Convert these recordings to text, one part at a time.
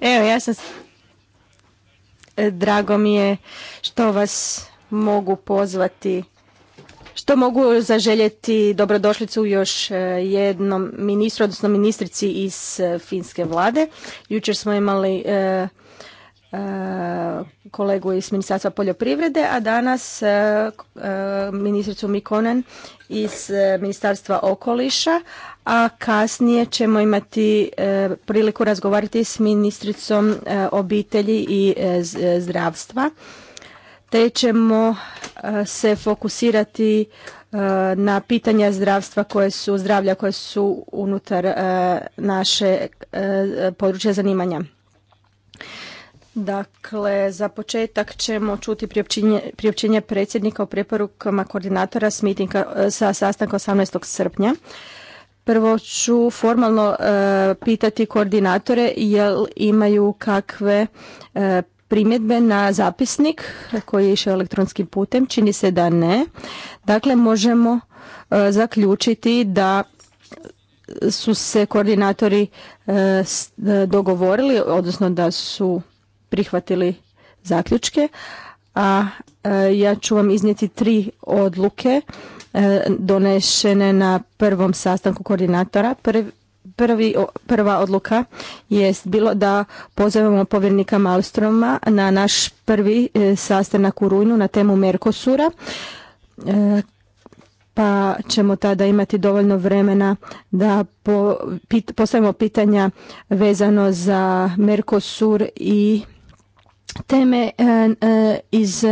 Evo, ja sam... E, drago mi je što vas mogu pozvati, što mogu zaželjeti dobrodošlicu još e, jednom ministru, odnosno ministrici iz e, finske vlade. Jučer smo imali E, kolegu iz Ministarstva poljoprivrede, a danas e, e, ministricu Mikonen iz Ministarstva okoliša, a kasnije ćemo imati priliku razgovarati s ministricom obitelji i zdravstva, te ćemo se fokusirati na pitanja zdravstva koje su, zdravlja koje su unutar naše područja zanimanja. Dakle, za početak ćemo čuti priopćenje, predsjednika o preporukama koordinatora s e, sa sastanka 18. srpnja. Prvo ću formalno e, pitati koordinatore jel imaju kakve e, primjedbe na zapisnik koji je išao elektronskim putem. Čini se da ne. Dakle, možemo zaključiti da su se koordinatori dogovorili, odnosno da su prihvatili zaključke, a e, ja ću vam iznijeti tri odluke e, donešene na prvom sastanku koordinatora. Prvi, prva odluka jest bilo da pozovemo povjernika Malstroma na naš prvi e, sastanak u rujnu na temu Merkosura, pa ćemo tada imati dovoljno vremena da postavimo pitanja vezano za Merkosur i teme e, e, iz e,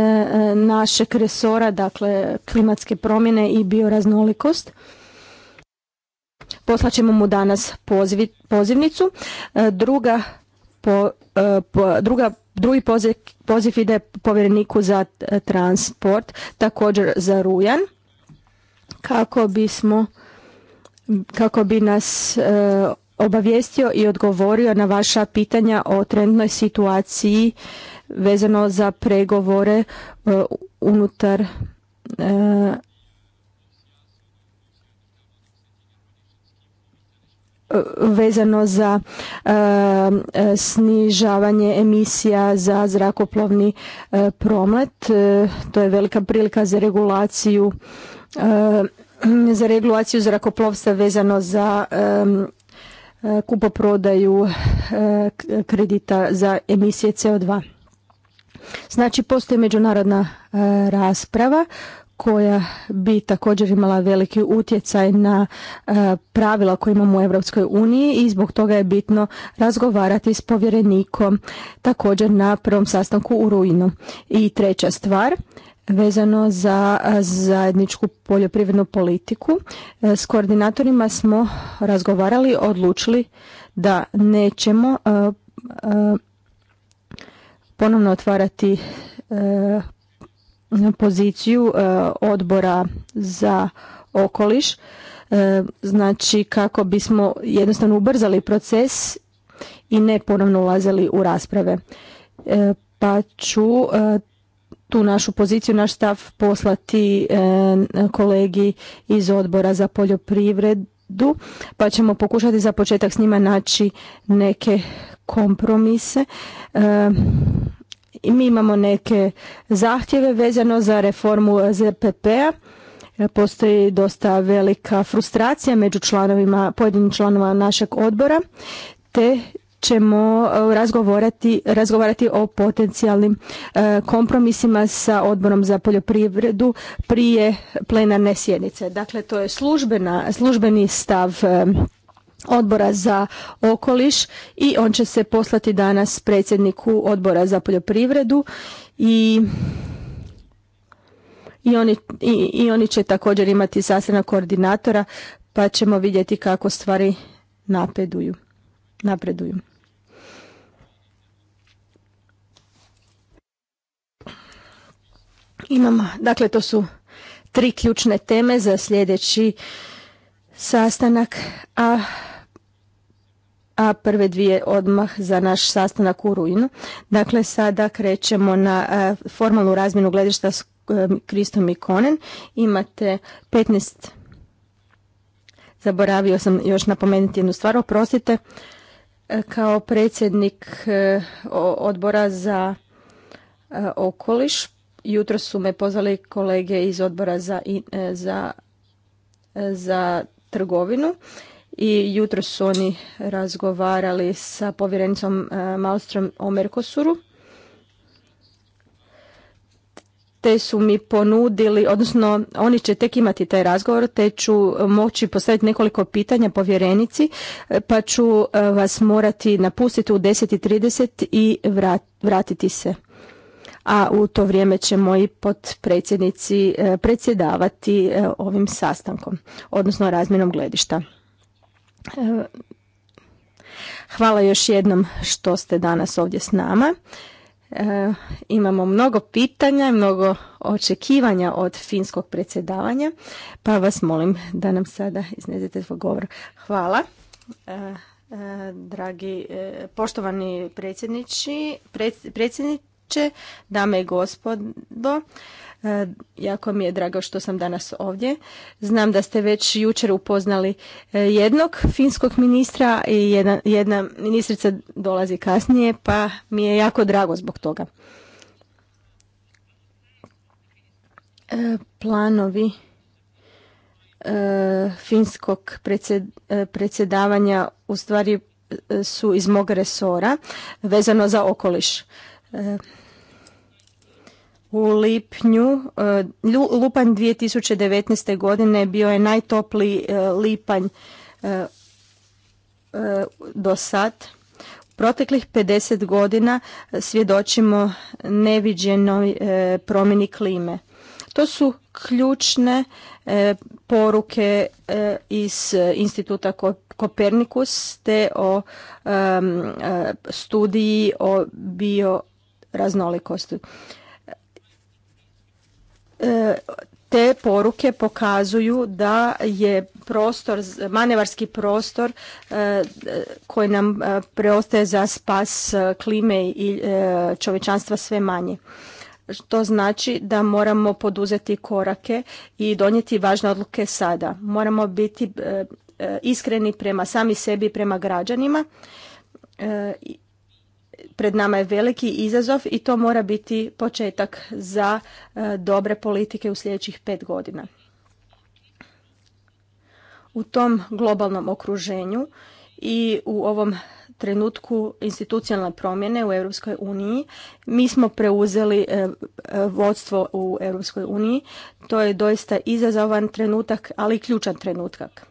našeg resora, dakle klimatske promjene i bioraznolikost. Poslaćemo mu danas pozivnicu. Druga, druga Drugi poziv, ide povjereniku za transport, također za Rujan, kako bismo kako bi nas obavijestio i odgovorio na vaša pitanja o trendnoj situaciji vezano za pregovore uh, unutar uh, vezano za uh, snižavanje emisija za zrakoplovni promet. to je velika prilika za regulaciju za regulaciju zrakoplovstva vezano za um, E, kupoprodaju e, kredita za emisije CO2. Znači, postoji međunarodna e, rasprava koja bi također imala veliki utjecaj na pravila koje imamo u Europskoj uniji i zbog toga je bitno razgovarati s povjerenikom također na prvom sastanku u rujnu. I treća stvar, vezano za zajedničku poljoprivrednu politiku. E, s koordinatorima smo razgovarali, odlučili da nećemo ponovno otvarati e, poziciju e, odbora za okoliš, znači kako bismo jednostavno ubrzali proces i ne ponovno ulazili u rasprave. Pa ću tu našu poziciju, naš stav poslati e, kolegi iz odbora za poljoprivredu, pa ćemo pokušati za početak s njima naći neke kompromise. E, mi imamo neke zahtjeve vezano za reformu ZPP-a. E, postoji dosta velika frustracija među članovima, pojedinim članova našeg odbora, te ćemo e, razgovarati, razgovarati o potencijalnim e, kompromisima sa odborom za poljoprivredu prije plenarne sjednice. Dakle, to je službena, službeni stav e, odbora za okoliš i on će se poslati danas predsjedniku odbora za poljoprivredu i i oni, i oni će također imati sastanak koordinatora pa ćemo vidjeti kako stvari napreduju. Imamo, dakle to su tri ključne teme za sljedeći sastanak, a, a prve dvije odmah za naš sastanak u rujnu. Dakle, sada krećemo na e, formalnu razmjenu gledišta s e, Kristom i Konen. Imate 15 zaboravio sam još napomenuti jednu stvar, oprostite, e, kao predsjednik odbora za okoliš jutro su me pozvali kolege iz odbora za, e, za, e, za trgovinu i jutro su oni razgovarali sa povjerenicom e, Malstrom o Merkosuru. Te su mi ponudili, odnosno oni će tek imati taj razgovor, te ću moći postaviti nekoliko pitanja povjerenici, pa ću vas morati napustiti u 10.30 i vratiti se a u to vrijeme će moji potpredsjednici e, predsjedavati e, ovim sastankom, odnosno razmjenom gledišta. E, hvala još jednom što ste danas ovdje s nama. imamo mnogo pitanja, i mnogo očekivanja od finskog predsjedavanja, pa vas molim da nam sada iznesete svoj govor. Hvala. dragi, poštovani predsjednici, predsjednici, dame i gospodo. E, jako mi je drago što sam danas ovdje. Znam da ste već jučer upoznali e, jednog finskog ministra i jedna, jedna ministrica dolazi kasnije, pa mi je jako drago zbog toga. E, planovi finskog predsjedavanja u stvari su iz mog resora vezano za okoliš. E, u lipnju, e, lupanj 2019. godine bio je najtopliji e, lipanj do sad. U proteklih 50 godina svjedočimo neviđenoj promjeni klime. To su ključne poruke iz instituta Kopernikus te o studiji o bio raznolikosti. E, te poruke pokazuju da je prostor, manevarski prostor e, koji nam e, preostaje za spas klime i čovečanstva sve manje. To znači da moramo poduzeti korake i donijeti važne odluke sada. Moramo biti iskreni prema sami sebi i prema građanima pred nama je veliki izazov i to mora biti početak za e, dobre politike u sljedećih pet godina. U tom globalnom okruženju i u ovom trenutku institucionalne promjene u Europskoj uniji. Mi smo preuzeli e, e, vodstvo u Europskoj uniji. To je doista izazovan trenutak, ali i ključan trenutak.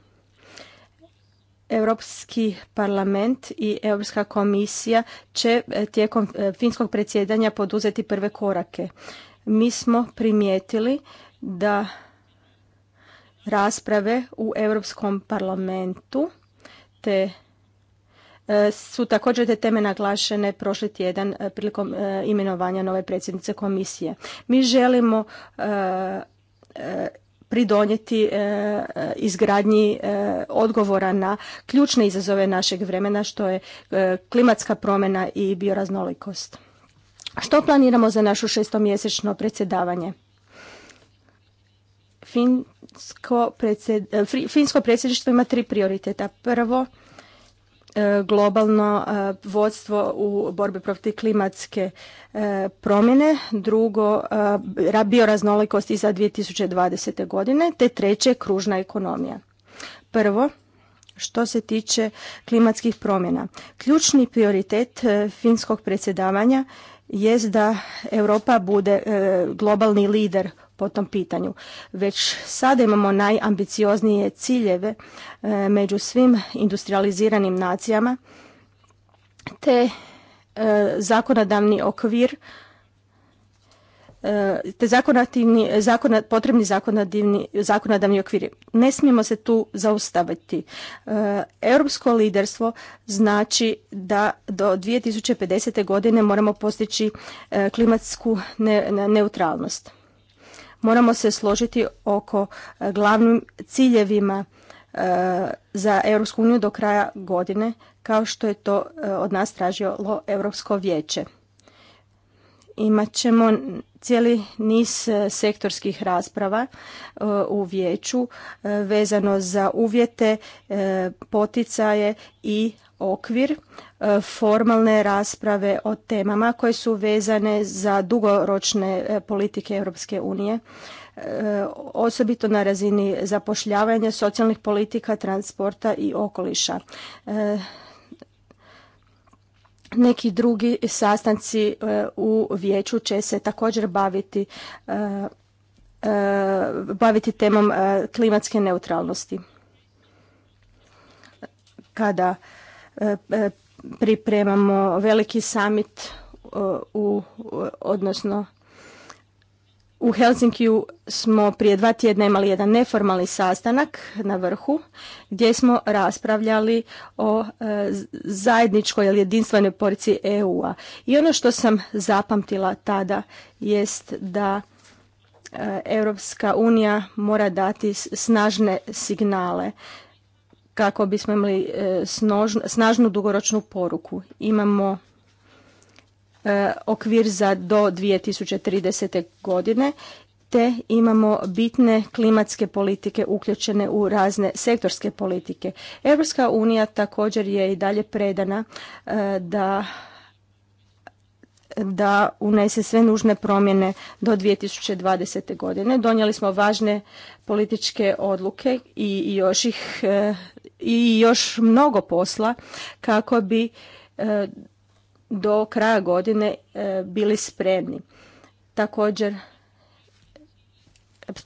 Europski parlament i Europska komisija će e, tijekom e, finskog predsjedanja poduzeti prve korake. Mi smo primijetili da rasprave u Europskom parlamentu te e, su također te teme naglašene prošli tjedan prilikom imenovanja nove predsjednice komisije. Mi želimo pridonijeti e, izgradnji e, odgovora na ključne izazove našeg vremena što je e, klimatska promjena i bioraznolikost. Što planiramo za našo šestomjesečno predsjedavanje? Finsko predsjedništvo ima tri prioriteta. Prvo, E, globalno e, vodstvo u borbi protiv klimatske e, promjene, drugo bioraznolikost iza 2020. godine, te treće kružna ekonomija. Prvo, što se tiče klimatskih promjena. Ključni prioritet finskog predsjedavanja jest da Europa bude globalni lider po tom pitanju. Već sada imamo najambicioznije ciljeve e, među svim industrializiranim nacijama, te e, zakonodavni okvir e, te zakonodavni, potrebni zakonodavni, okviri. Ne smijemo se tu zaustaviti. Europsko liderstvo znači da do 2050. godine moramo postići klimatsku neutralnost moramo se složiti oko e, glavnim ciljevima e, za Europsku uniju do kraja godine, kao što je to e, od nas tražilo Europsko vijeće. Imaćemo cijeli niz sektorskih rasprava u vijeću vezano za uvjete, poticaje i okvir e, formalne rasprave o temama koje su vezane za dugoročne e, politike Europske unije e, osobito na razini zapošljavanja, socijalnih politika, transporta i okoliša. Neki drugi sastanci u vijeću će se također baviti baviti temom klimatske neutralnosti. Kada E, e, pripremamo veliki summit e, u, odnosno u Helsinkiju smo prije dva tjedna imali jedan neformalni sastanak na vrhu gdje smo raspravljali o zajedničkoj ili jedinstvenoj porci EU-a. I ono što sam zapamtila tada jest da Europska unija mora dati snažne signale kako bismo imali e, snažnu dugoročnu poruku. Imamo e, okvir za do 2030. godine te imamo bitne klimatske politike uključene u razne sektorske politike. Europska unija također je i dalje predana e, da da unese sve nužne promjene do 2020. godine. Donijeli smo važne političke odluke i još ih i još mnogo posla kako bi e, do kraja godine e, bili spremni. Također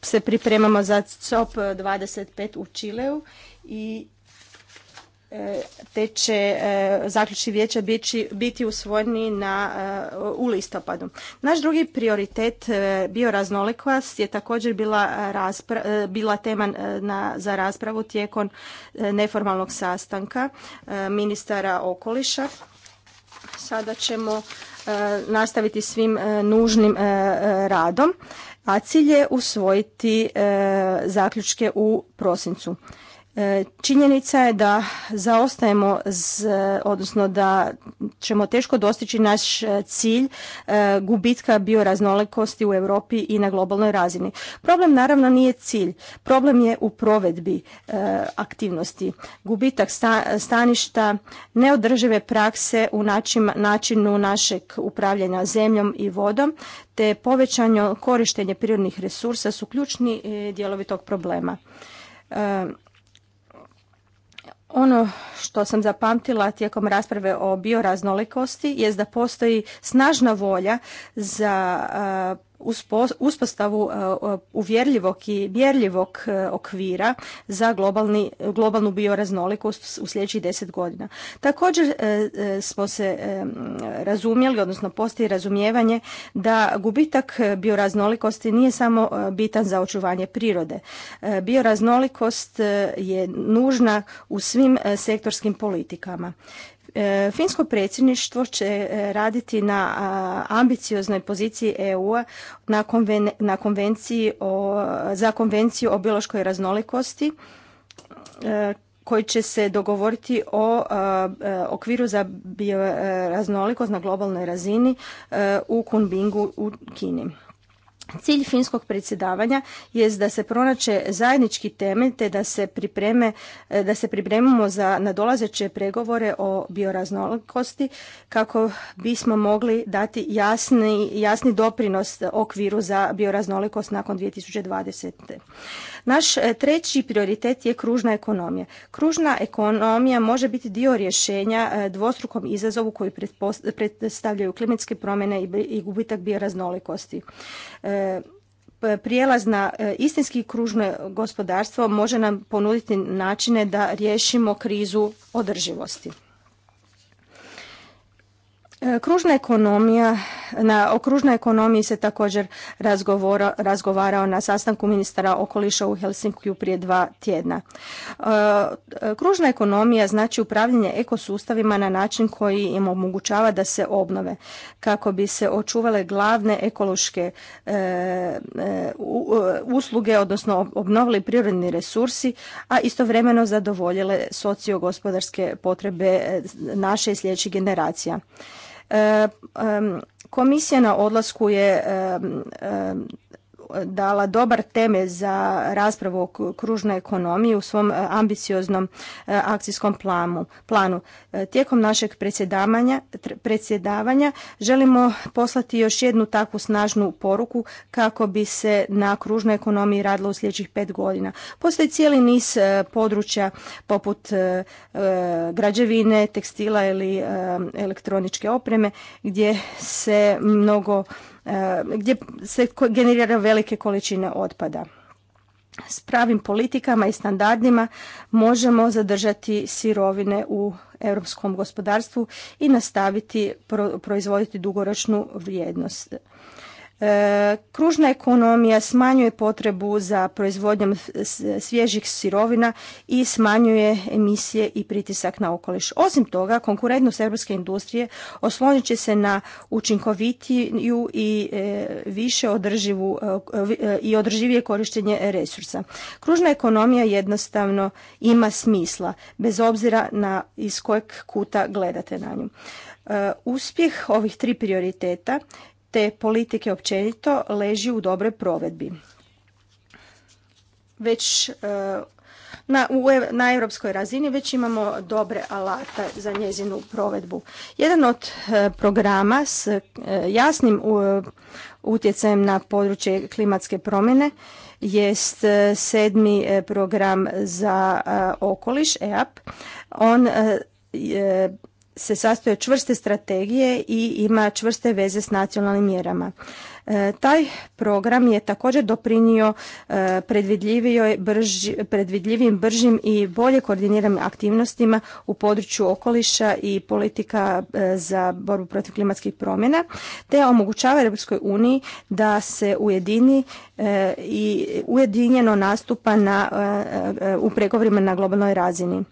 se pripremamo za COP 25 u Čileu i E, te će e, zaključci vijeća biti usvojeni na, e, u listopadu. Naš drugi prioritet bio raznolikost je također bila, bila tema na, za raspravu tijekom neformalnog sastanka ministara okoliša. Sada ćemo nastaviti svim nužnim radom, a cilj je usvojiti zaključke u prosincu. E, činjenica je da zaostajemo, odnosno da ćemo teško dostići naš e, cilj e, gubitka bioraznolikosti u Europi i na globalnoj razini. Problem naravno nije cilj, problem je u provedbi aktivnosti. Gubitak staništa, neodržive prakse u načinu našeg upravljanja zemljom i vodom, te povećanje korištenje prirodnih resursa su ključni dijelovi tog problema ono što sam zapamtila tijekom rasprave o bioraznolikosti jest da postoji snažna volja za uspostavu e, uvjerljivog i mjerljivog e, okvira za globalni, globalnu bioraznolikost u sljedećih deset godina. Također e, smo se razumjeli, odnosno postoji razumijevanje da gubitak bioraznolikosti nije samo bitan za očuvanje prirode. Bioraznolikost je nužna u svim sektorskim politikama. E, finsko predsjedništvo će e, raditi na ambicioznoj poziciji EU-a na, konvenciji o, za konvenciju o biološkoj raznolikosti e, koji će se dogovoriti o okviru za bioraznolikost na globalnoj razini u Kunbingu u Kini. Cilj finskog predsjedavanja je da se pronaće zajednički temelj te da se, pripreme, e, da se pripremimo za nadolazeće pregovore o bioraznolikosti kako bismo mogli dati jasni, jasni doprinos okviru za bioraznolikost nakon 2020. Naš e, treći prioritet je kružna ekonomija. Kružna ekonomija može biti dio rješenja e, dvostrukom izazovu koji predstavljaju klimatske promjene i gubitak bioraznolikosti e, prijelaz na istinski kružno gospodarstvo može nam ponuditi načine da riješimo krizu održivosti. E, kružna ekonomija, na, o kružnoj ekonomiji se također razgovarao na sastanku ministara okoliša u Helsinkiju prije dva tjedna. E, kružna ekonomija znači upravljanje ekosustavima na način koji im omogućava da se obnove kako bi se očuvale glavne ekološke e, usluge, odnosno obnovili prirodni resursi, a istovremeno zadovoljile sociogospodarske potrebe naše i sljedećih generacija. E, komisija na odlasku je dala dobar teme za raspravu o kružnoj ekonomiji u svom e, ambicioznom e, akcijskom planu. E, tijekom našeg predsjedavanja želimo poslati još jednu takvu snažnu poruku kako bi se na kružnoj ekonomiji radilo u sljedećih pet godina. Postoji cijeli niz područja poput građevine, tekstila ili elektroničke opreme gdje se mnogo E, gdje se generira velike količine otpada. S pravim politikama i standardima možemo zadržati sirovine u europskom gospodarstvu i nastaviti proizvoditi dugoročnu vrijednost. E, kružna ekonomija smanjuje potrebu za proizvodnjom svježih sirovina i smanjuje emisije i pritisak na okoliš. Osim toga, konkurentnost europske industrije oslonit će se na učinkovitiju i e, više održivu e, i održivije korištenje resursa. Kružna ekonomija jednostavno ima smisla, bez obzira na iz kojeg kuta gledate na nju. Uspjeh ovih tri prioriteta te politike općenito leži u dobroj provedbi. Već e, na, na europskoj razini već imamo dobre alata za njezinu provedbu. Jedan od e, programa s e, jasnim utjecajem na područje klimatske promjene jest sedmi program za okoliš, EAP. On se sastoje čvrste strategije i ima čvrste veze s nacionalnim mjerama. E, taj program je također doprinio e, predvidljivim, bržim i bolje koordiniranim aktivnostima u području okoliša i politika e, za borbu protiv klimatskih promjena, te omogućava Europskoj uniji da se ujedini i ujedinjeno nastupa na, u pregovorima na globalnoj razini.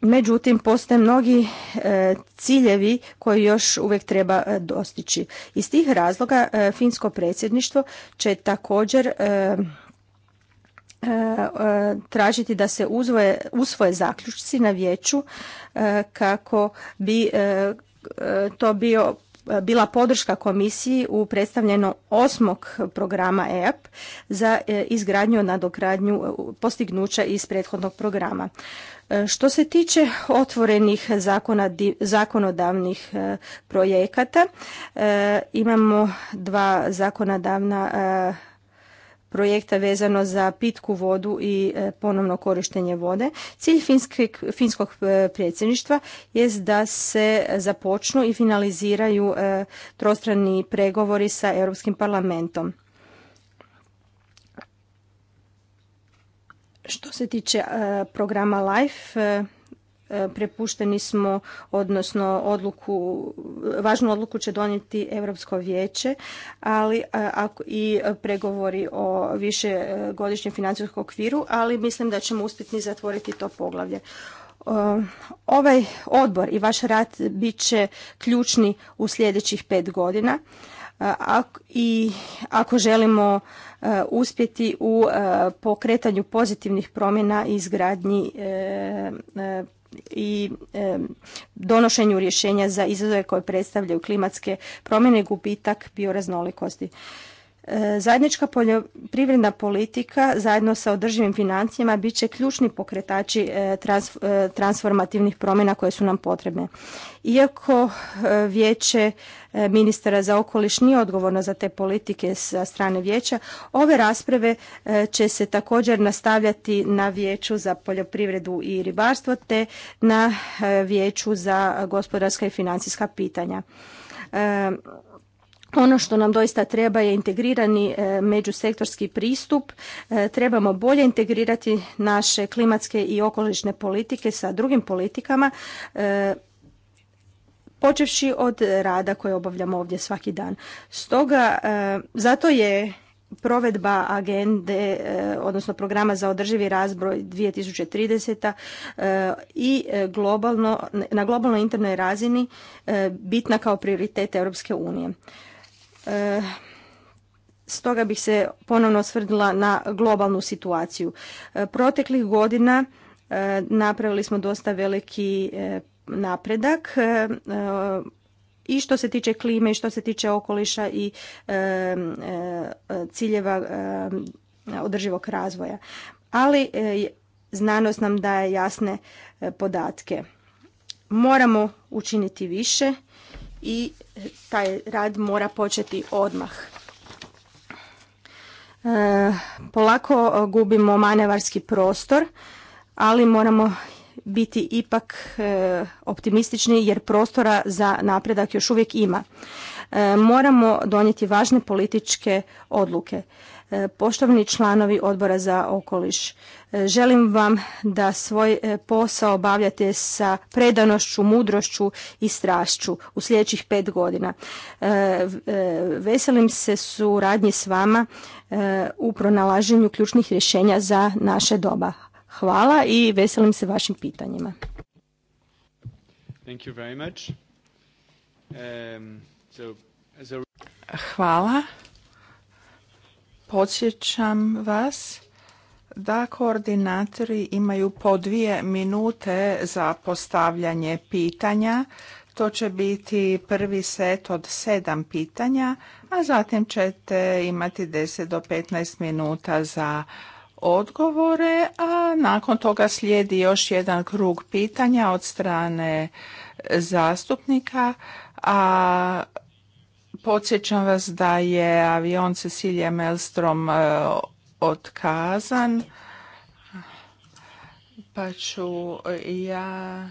Međutim, postoje mnogi e, ciljevi koji još uvijek treba e, dostići. Iz tih razloga e, finsko predsjedništvo će također tražiti da se uzvoje, usvoje zaključci na vijeću kako bi to bio bila podrška komisiji u predstavljeno osmog programa EAP za izgradnju nadogradnju postignuća iz prethodnog programa. E, što se tiče otvorenih zakonodavnih e, projekata, e, imamo dva zakonodavna projekta vezano za pitku vodu i ponovno korištenje vode. Cilj finskog predsjedništva jest da se započnu i finaliziraju trostrani pregovori sa Europskim parlamentom. Što se tiče e, programa LIFE, e, e, prepušteni smo, odnosno odluku, važnu odluku će donijeti Europsko vijeće, ali ako i pregovori o višegodišnjem financijskom okviru, ali mislim da ćemo uspjeti zatvoriti to poglavlje. Ovaj odbor i vaš rad bit će ključni u sljedećih pet godina i ako želimo e, uspjeti u e, pokretanju pozitivnih promjena i izgradnji e, i donošenju rješenja za izazove koje predstavljaju klimatske promjene i gubitak bioraznolikosti. E, zajednička poljoprivredna politika zajedno sa održivim financijama bit će ključni pokretači e, e, transformativnih promjena koje su nam potrebne. Iako vijeće ministara za okoliš nije odgovorno za te politike sa strane vijeća, ove rasprave će se također nastavljati na vijeću za poljoprivredu i ribarstvo te na vijeću za gospodarska i financijska pitanja ono što nam doista treba je integrirani e, međusektorski pristup. E, trebamo bolje integrirati naše klimatske i okolišne politike sa drugim politikama, e, počevši od rada koje obavljamo ovdje svaki dan. Stoga, zato je provedba agende, odnosno programa za održivi razbroj 2030. i globalno, na globalnoj internoj razini bitna kao prioritet Europske unije. Eh, stoga bih se ponovno osvrnula na globalnu situaciju. Eh, proteklih godina eh, napravili smo dosta veliki napredak i što se tiče klime i što se tiče okoliša i ciljeva održivog razvoja. Ali znanost nam daje jasne podatke. Moramo učiniti više i taj rad mora početi odmah. E, polako gubimo manevarski prostor, ali moramo biti ipak e, optimistični jer prostora za napredak još uvijek ima. E, moramo donijeti važne političke odluke. E, Poštovani članovi odbora za okoliš, e, želim vam da svoj e, posao obavljate sa predanošću, mudrošću i strašću u sljedećih pet godina. Veselim se suradnji s vama u pronalaženju ključnih rješenja za naše doba. Hvala i veselim se vašim pitanjima. Um, Hvala. Podsjećam vas da koordinatori imaju po dvije minute za postavljanje pitanja. To će biti prvi set od sedam pitanja, a zatim ćete imati 10 do 15 minuta za odgovore, a nakon toga slijedi još jedan krug pitanja od strane zastupnika, a Podsjećam vas da je avion Cecilija Melstrom e, otkazan, pa ću ja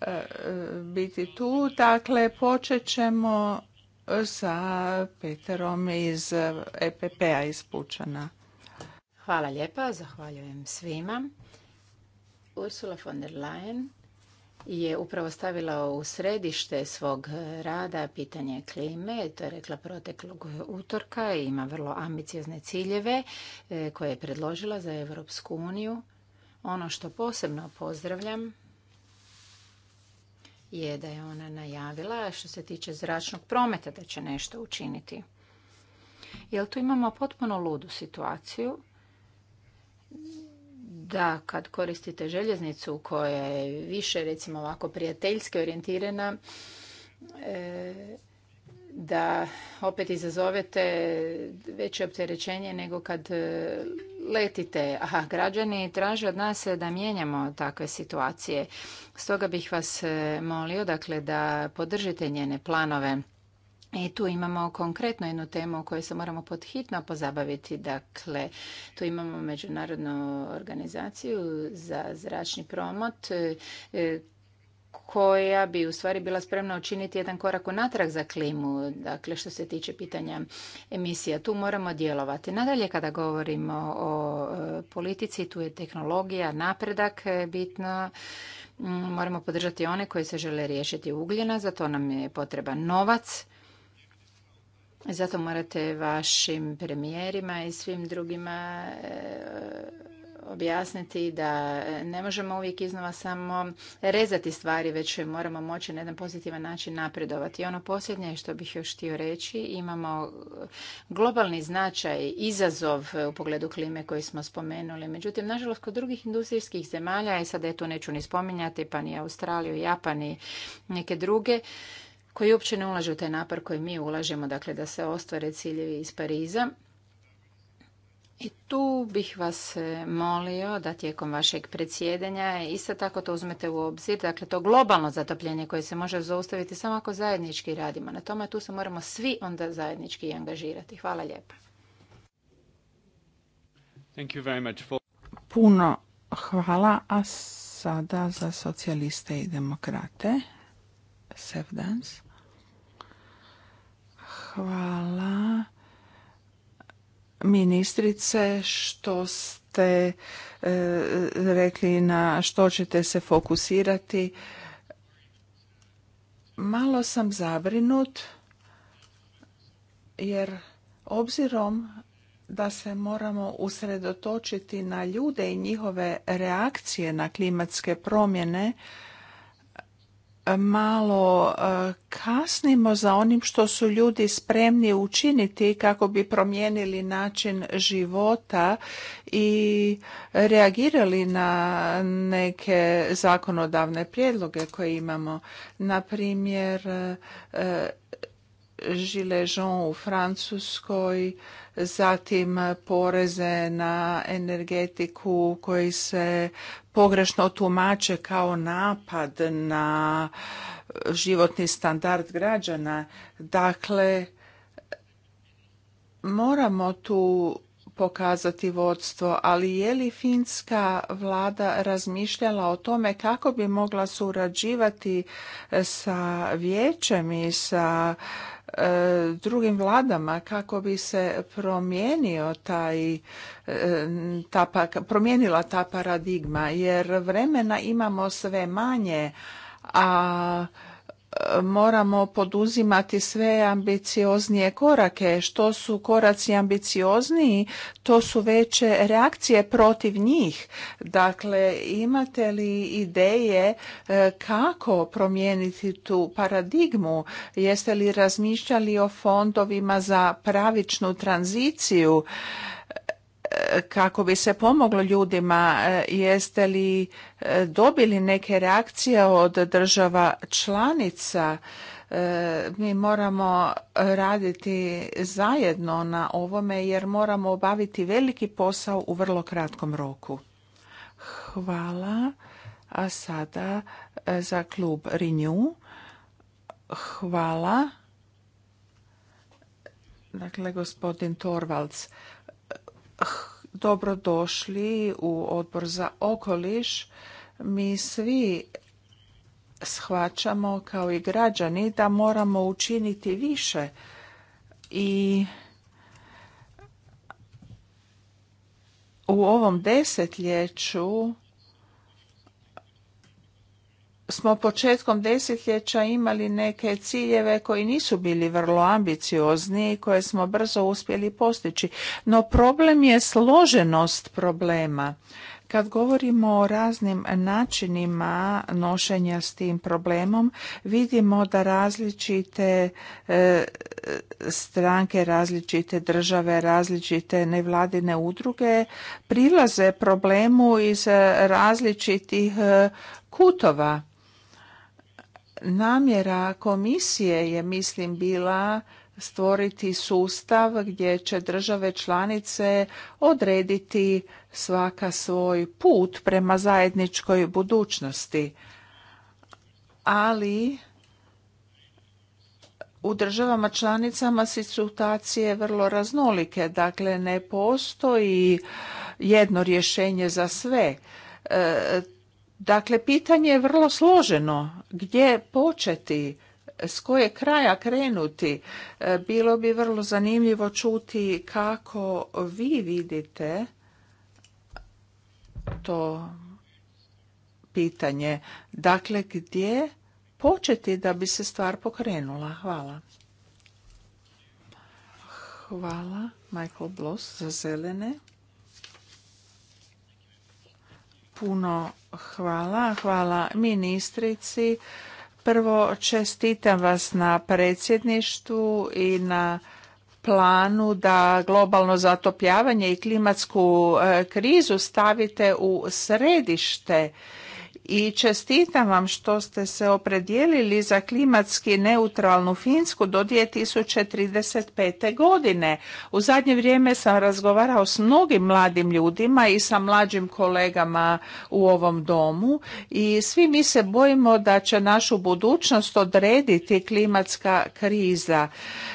e, biti tu. Dakle, počet ćemo sa Peterom iz EPP-a iz Pučana. Hvala lijepa, zahvaljujem svima. Ursula von der Leyen je upravo stavila u središte svog rada pitanje klime, to je rekla proteklog utorka, ima vrlo ambiciozne ciljeve e, koje je predložila za Europsku uniju. Ono što posebno pozdravljam je da je ona najavila što se tiče zračnog prometa da će nešto učiniti. Jel tu imamo potpuno ludu situaciju da kad koristite željeznicu koja je više recimo ovako prijateljski orijentirana, e, da opet izazovete veće opterećenje nego kad e, letite. A građani traže od nas da mijenjamo takve situacije. Stoga bih vas e, molio dakle, da podržite njene planove i tu imamo konkretno jednu temu o kojoj se moramo podhitno pozabaviti. Dakle, tu imamo Međunarodnu organizaciju za zračni promot e, koja bi u stvari bila spremna učiniti jedan korak unatrag za klimu, dakle što se tiče pitanja emisija. Tu moramo djelovati. Nadalje kada govorimo o e, politici, tu je tehnologija, napredak e, bitno. Mm, moramo podržati one koji se žele riješiti ugljena, za to nam je potreban novac zato morate vašim premijerima i svim drugima e, objasniti da ne možemo uvijek iznova samo rezati stvari, već moramo moći na jedan pozitivan način napredovati. I ono posljednje što bih još htio reći, imamo globalni značaj, izazov u pogledu klime koji smo spomenuli. Međutim, nažalost, kod drugih industrijskih zemalja, i e, sad je tu neću ni spominjati, pa ni Australiju, Japan i neke druge, koji uopće ne ulažu taj napor koji mi ulažemo, dakle da se ostvare ciljevi iz Pariza. I tu bih vas e, molio da tijekom vašeg predsjedanja isto tako to uzmete u obzir, dakle to globalno zatopljenje koje se može zaustaviti samo ako zajednički radimo na tome, tu se moramo svi onda zajednički angažirati. Hvala lijepa. Puno hvala, a sada za socijaliste i demokrate. Sevdans. Hvala ministrice što ste e, rekli na što ćete se fokusirati. Malo sam zabrinut jer obzirom da se moramo usredotočiti na ljude i njihove reakcije na klimatske promjene, malo e, kasnimo za onim što su ljudi spremni učiniti kako bi promijenili način života i reagirali na neke zakonodavne prijedloge koje imamo. Na primjer, e, e, Jean u Francuskoj zatim poreze na energetiku koji se pogrešno tumače kao napad na životni standard građana. Dakle, moramo tu pokazati vodstvo, ali je li finska vlada razmišljala o tome kako bi mogla surađivati e, sa vijećem i sa e, drugim vladama kako bi se promijenio taj, e, ta, pa, promijenila ta paradigma jer vremena imamo sve manje, a moramo poduzimati sve ambicioznije korake. Što su koraci ambiciozniji, to su veće reakcije protiv njih. Dakle, imate li ideje e, kako promijeniti tu paradigmu? Jeste li razmišljali o fondovima za pravičnu tranziciju? kako bi se pomoglo ljudima? E, jeste li e, dobili neke reakcije od država članica? E, mi moramo raditi zajedno na ovome jer moramo obaviti veliki posao u vrlo kratkom roku. Hvala. A sada za klub Renew. Hvala. Dakle, gospodin Torvalds. Dobro došli u odbor za okoliš. Mi svi shvaćamo kao i građani da moramo učiniti više i u ovom desetljeću smo početkom desetljeća imali neke ciljeve koji nisu bili vrlo ambiciozni i koje smo brzo uspjeli postići. No problem je složenost problema. Kad govorimo o raznim načinima nošenja s tim problemom, vidimo da različite e, stranke, različite države, različite nevladine udruge prilaze problemu iz različitih e, kutova Namjera komisije je, mislim, bila stvoriti sustav gdje će države članice odrediti svaka svoj put prema zajedničkoj budućnosti. Ali u državama članicama situacije vrlo raznolike, dakle ne postoji jedno rješenje za sve. E, Dakle, pitanje je vrlo složeno. Gdje početi? S koje kraja krenuti? E, bilo bi vrlo zanimljivo čuti kako vi vidite to pitanje. Dakle, gdje početi da bi se stvar pokrenula? Hvala. Hvala, Michael Bloss, za zelene. Puno hvala. Hvala ministrici. Prvo čestitam vas na predsjedništvu i na planu da globalno zatopljavanje i klimatsku e, krizu stavite u središte i čestitam vam što ste se opredijelili za klimatski neutralnu Finsku do 2035. godine. U zadnje vrijeme sam razgovarao s mnogim mladim ljudima i sa mlađim kolegama u ovom domu i svi mi se bojimo da će našu budućnost odrediti klimatska kriza.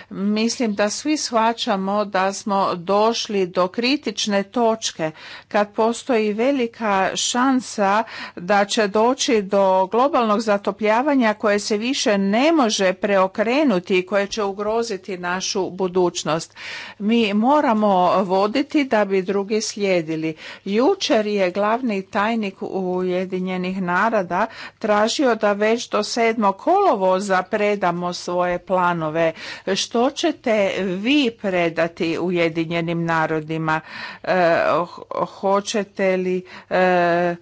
Mislim da svi shvaćamo da smo došli do kritične točke kad postoji velika šansa da će doći do globalnog zatopljavanja koje se više ne može preokrenuti i koje će ugroziti našu budućnost. Mi moramo voditi da bi drugi slijedili. Jučer je glavni tajnik Ujedinjenih naroda tražio da već do 7. kolovoza predamo svoje planove. Što ćete vi predati Ujedinjenim narodima? E, hoćete li e,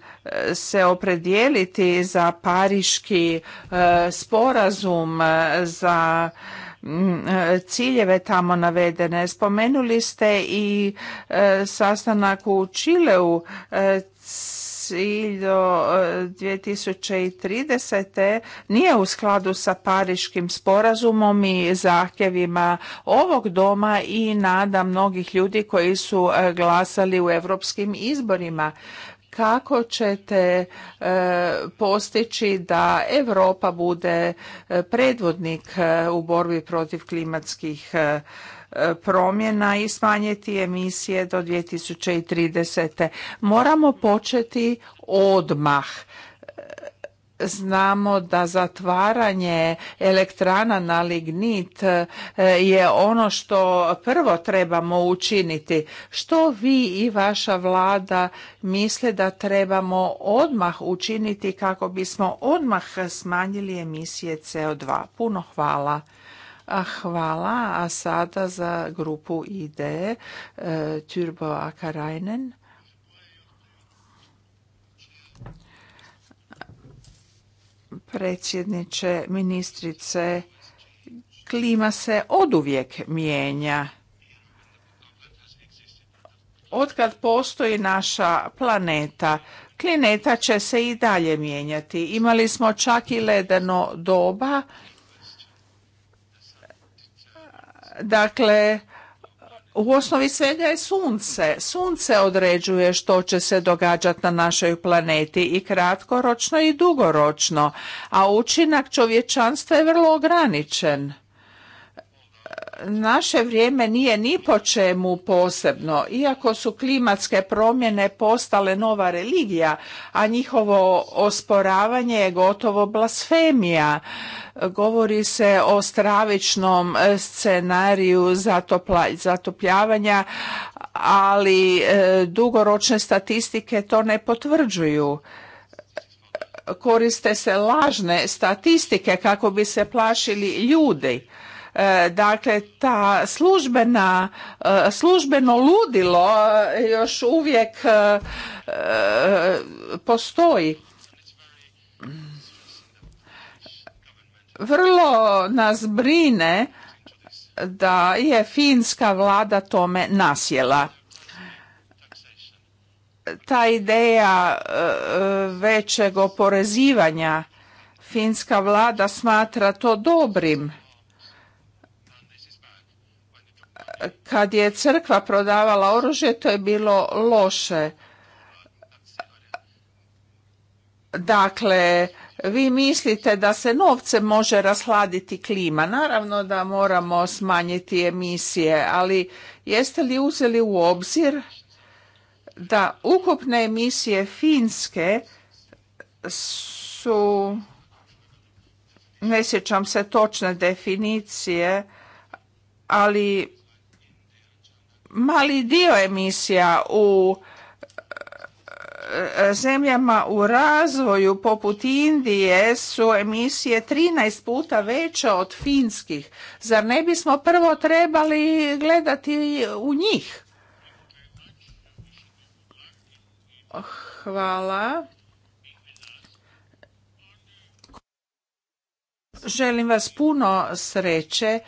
se opredijeliti za pariški e, sporazum e, za e, ciljeve tamo navedene. Spomenuli ste i sastanak u Čileu cilj do 2030. nije u skladu sa pariškim sporazumom i zahtjevima ovog doma i nada mnogih ljudi koji su glasali u europskim izborima kako ćete e, postići da Europa bude e, predvodnik e, u borbi protiv klimatskih promjena i smanjiti emisije do 2030. Moramo početi odmah znamo da zatvaranje elektrana na lignit e, je ono što prvo trebamo učiniti. Što vi i vaša vlada misle da trebamo odmah učiniti kako bismo odmah smanjili emisije CO2? Puno hvala. Hvala, a sada za grupu IDE Turbo Akarajnen. predsjedniče, ministrice. Klima se oduvijek mijenja. Odkad postoji naša planeta, klineta će se i dalje mijenjati. Imali smo čak i ledeno doba. Dakle, u osnovi svega je sunce. Sunce određuje što će se događati na našoj planeti i kratkoročno i dugoročno, a učinak čovječanstva je vrlo ograničen naše vrijeme nije ni po čemu posebno, iako su klimatske promjene postale nova religija, a njihovo osporavanje je gotovo blasfemija. Govori se o stravičnom scenariju zatopljavanja, ali e, dugoročne statistike to ne potvrđuju koriste se lažne statistike kako bi se plašili ljudi E, dakle, ta službena, e, službeno ludilo e, još uvijek postoji. Vrlo nas brine da je finska vlada tome nasjela ta ideja većeg oporezivanja finska vlada smatra to dobrim Kad je crkva prodavala oružje, to je bilo loše. Dakle, vi mislite da se novce može rasladiti klima. Naravno da moramo smanjiti emisije, ali jeste li uzeli u obzir da ukupne emisije Finske su, ne sjećam se točne definicije, ali mali dio emisija u e, zemljama u razvoju poput Indije su emisije 13 puta veće od finskih. Zar ne bismo prvo trebali gledati u njih? Hvala. Želim vas puno sreće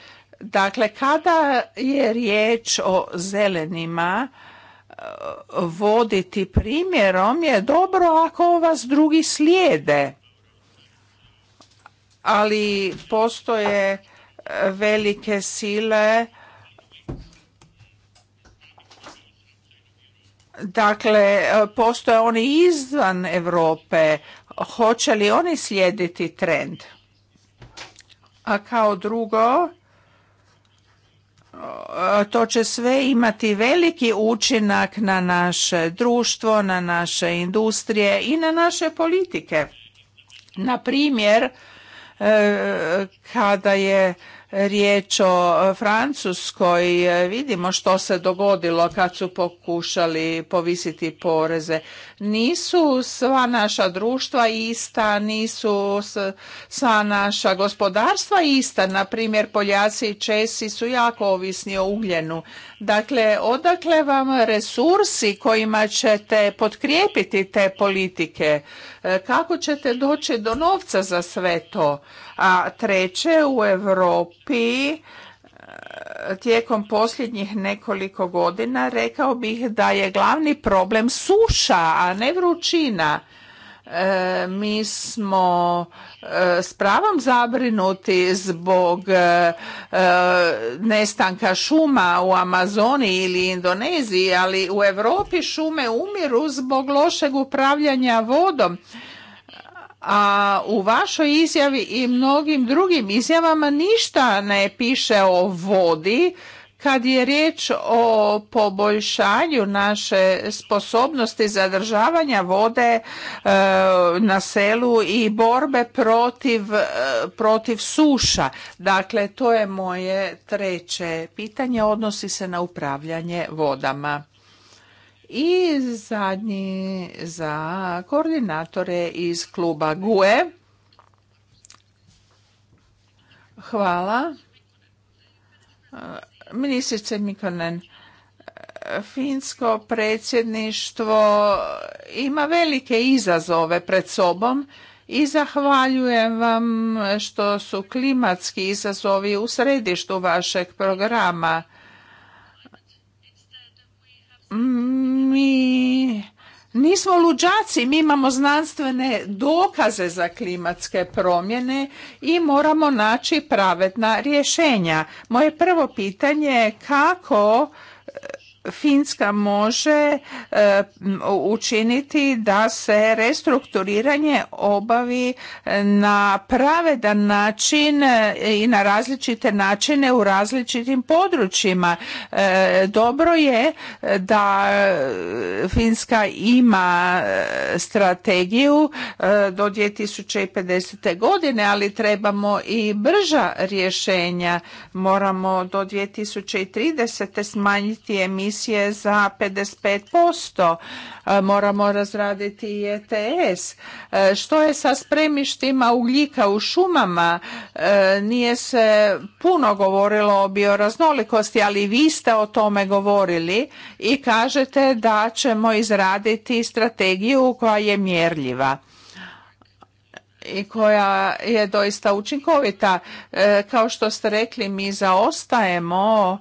Dakle, kada je riječ o zelenima, e, voditi primjerom je dobro ako vas drugi slijede. Ali postoje e, velike sile Dakle, e, postoje oni izvan Europe. Hoće li oni slijediti trend? A kao drugo, to će sve imati veliki učinak na naše društvo, na naše industrije i na naše politike. Na primjer, e, kada je riječ o e, Francuskoj, e, vidimo što se dogodilo kad su pokušali povisiti poreze. Nisu sva naša društva ista, nisu sva naša gospodarstva ista. Na primjer, Poljaci i Česi su jako ovisni o ugljenu. Dakle, odakle vam resursi kojima ćete potkrijepiti te politike? E, kako ćete doći do novca za sve to? A treće, u Europi e, tijekom posljednjih nekoliko godina rekao bih da je glavni problem suša, a ne vrućina. E, mi smo e, s pravom zabrinuti zbog nestanka šuma u Amazoni ili Indoneziji, ali u Europi šume umiru zbog lošeg upravljanja vodom a u vašoj izjavi i mnogim drugim izjavama ništa ne piše o vodi kad je riječ o poboljšanju naše sposobnosti zadržavanja vode e, na selu i borbe protiv, e, protiv suša. Dakle, to je moje treće pitanje, odnosi se na upravljanje vodama. I zadnji za koordinatore iz kluba GUE. Hvala. Ministrice Mikonen, finsko predsjedništvo ima velike izazove pred sobom i zahvaljujem vam što su klimatski izazovi u središtu vašeg programa mi nismo luđaci, mi imamo znanstvene dokaze za klimatske promjene i moramo naći pravedna rješenja. Moje prvo pitanje je kako Finska može e, učiniti da se restrukturiranje obavi e, na pravedan način e, i na različite načine u različitim područjima. Dobro je da Finska ima strategiju do 2050. godine, ali trebamo i brža rješenja. Moramo do 2030. smanjiti emisiju emisije za 55%. E, moramo razraditi i ETS. E, što je sa spremištima ugljika u šumama? E, nije se puno govorilo o bioraznolikosti, ali vi ste o tome govorili i kažete da ćemo izraditi strategiju koja je mjerljiva i koja je doista učinkovita. Kao što ste rekli, mi zaostajemo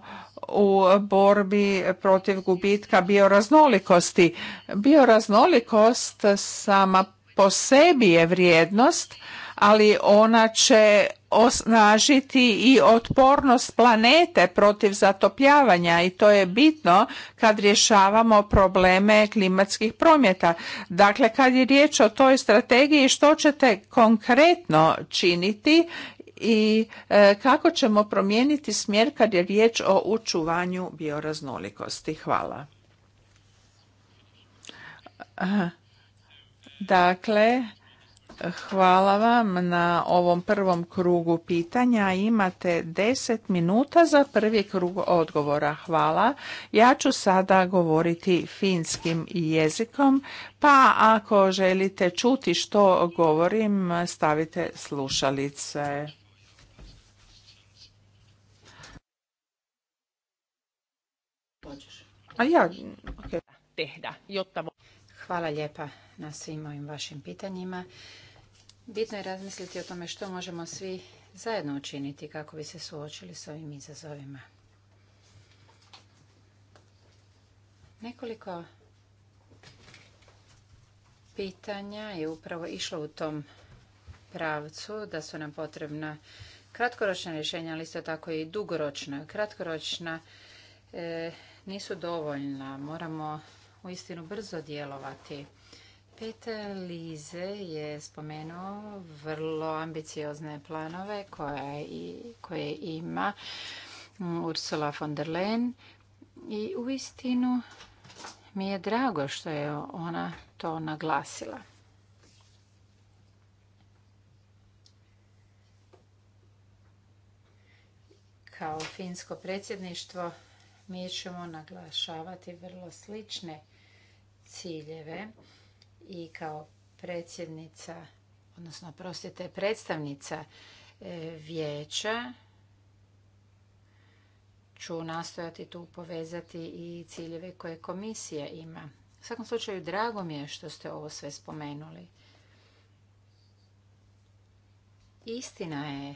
u borbi protiv gubitka bioraznolikosti. Bioraznolikost sama po sebi je vrijednost, ali ona će osnažiti i otpornost planete protiv zatopljavanja i to je bitno kad rješavamo probleme klimatskih promjeta. Dakle, kad je riječ o toj strategiji, što ćete konkretno činiti i e, kako ćemo promijeniti smjer kad je riječ o učuvanju bioraznolikosti. Hvala. Dakle, Hvala vam na ovom prvom krugu pitanja. Imate 10 minuta za prvi krug odgovora. Hvala. Ja ću sada govoriti finskim jezikom, pa ako želite čuti što govorim, stavite slušalice. Hvala lijepa na svim ovim vašim pitanjima. Bitno je razmisliti o tome što možemo svi zajedno učiniti kako bi se suočili s ovim izazovima. Nekoliko pitanja je upravo išlo u tom pravcu da su nam potrebna kratkoročna rješenja, ali isto tako i dugoročna. Kratkoročna e, nisu dovoljna. Moramo uistinu brzo djelovati. Peter Lize je spomenuo vrlo ambiciozne planove koje, ima Ursula von der Leyen i uistinu mi je drago što je ona to naglasila. Kao finsko predsjedništvo mi ćemo naglašavati vrlo slične ciljeve i kao predsjednica, odnosno prostite predstavnica e, vijeća ću nastojati tu povezati i ciljeve koje komisija ima. U svakom slučaju drago mi je što ste ovo sve spomenuli. Istina je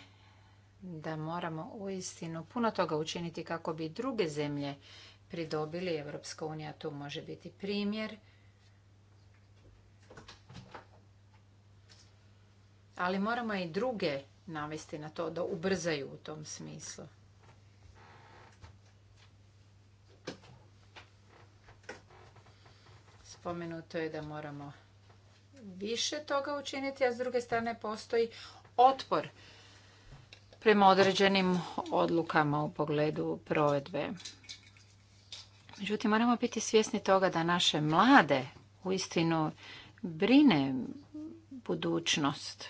da moramo uistinu puno toga učiniti kako bi druge zemlje pridobili. Evropska unija tu može biti primjer. Ali moramo i druge navesti na to da ubrzaju u tom smislu. Spomenuto je da moramo više toga učiniti, a s druge strane postoji otpor prema određenim odlukama u pogledu provedbe. Međutim, moramo biti svjesni toga da naše mlade uistinu brine budućnost.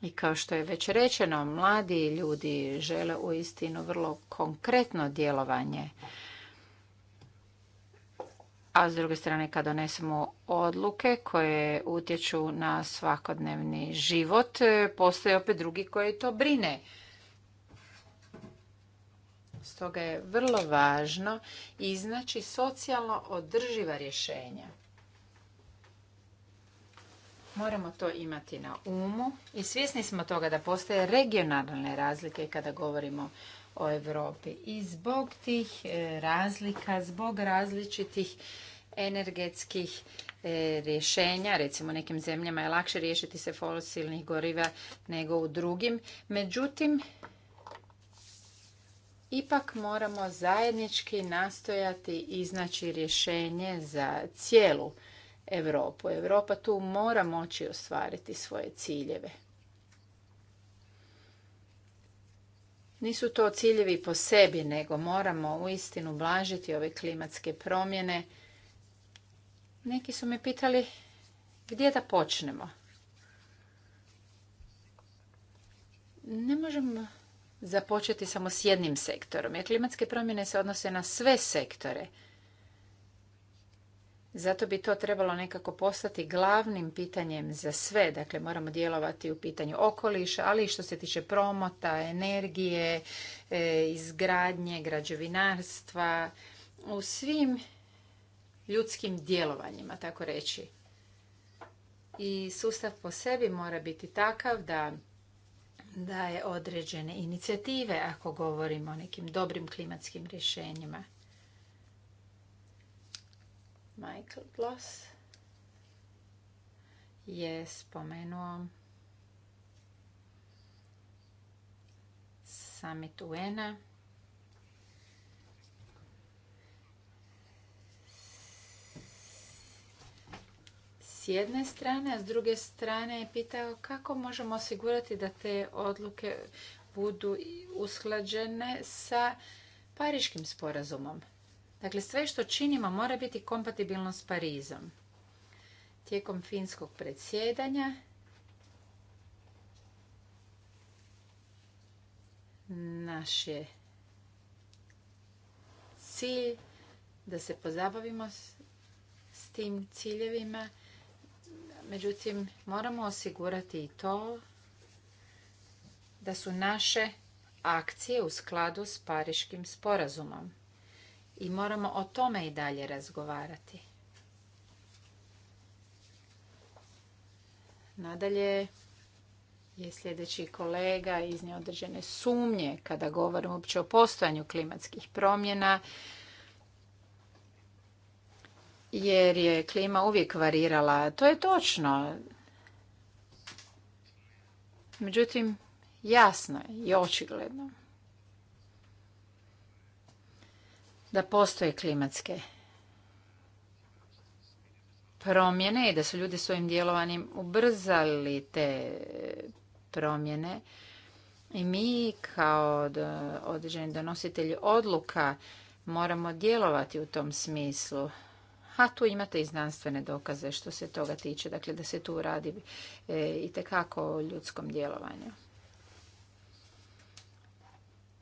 I kao što je već rečeno, mladi ljudi žele uistinu vrlo konkretno djelovanje a s druge strane kad donesemo odluke koje utječu na svakodnevni život, e, postoje opet drugi koji to brine. Stoga je vrlo važno iznaći socijalno održiva rješenja. Moramo to imati na umu i svjesni smo toga da postoje regionalne razlike kada govorimo o Europi. I zbog tih e, razlika, zbog različitih energetskih e, rješenja, recimo nekim zemljama je lakše riješiti se fosilnih goriva nego u drugim. Međutim, ipak moramo zajednički nastojati iznaći rješenje za cijelu Europu. Europa tu mora moći ostvariti svoje ciljeve. Nisu to ciljevi po sebi, nego moramo u istinu blažiti ove klimatske promjene. Neki su me pitali gdje da počnemo. Ne možemo započeti samo s jednim sektorom, jer klimatske promjene se odnose na sve sektore – zato bi to trebalo nekako postati glavnim pitanjem za sve. Dakle, moramo djelovati u pitanju okoliša, ali i što se tiče promota, energije, e, izgradnje, građevinarstva, u svim ljudskim djelovanjima, tako reći. I sustav po sebi mora biti takav da daje određene inicijative ako govorimo o nekim dobrim klimatskim rješenjima. Michael Bloss je spomenuo summit UN-a s jedne strane, a s druge strane je pitao kako možemo osigurati da te odluke budu usklađene sa Pariškim sporazumom. Dakle, sve što činimo mora biti kompatibilno s Parizom. Tijekom finskog predsjedanja naš je cilj da se pozabavimo s tim ciljevima. Međutim, moramo osigurati i to da su naše akcije u skladu s Pariškim sporazumom i moramo o tome i dalje razgovarati. Nadalje je sljedeći kolega iznio određene sumnje kada govorimo uopće o postojanju klimatskih promjena, jer je klima uvijek varirala. To je točno. Međutim, jasno je i očigledno da postoje klimatske promjene i da su ljudi svojim djelovanjem ubrzali te promjene. I mi kao određeni donositelji odluka moramo djelovati u tom smislu. A tu imate i znanstvene dokaze što se toga tiče, dakle da se tu radi e, i tekako o ljudskom djelovanju.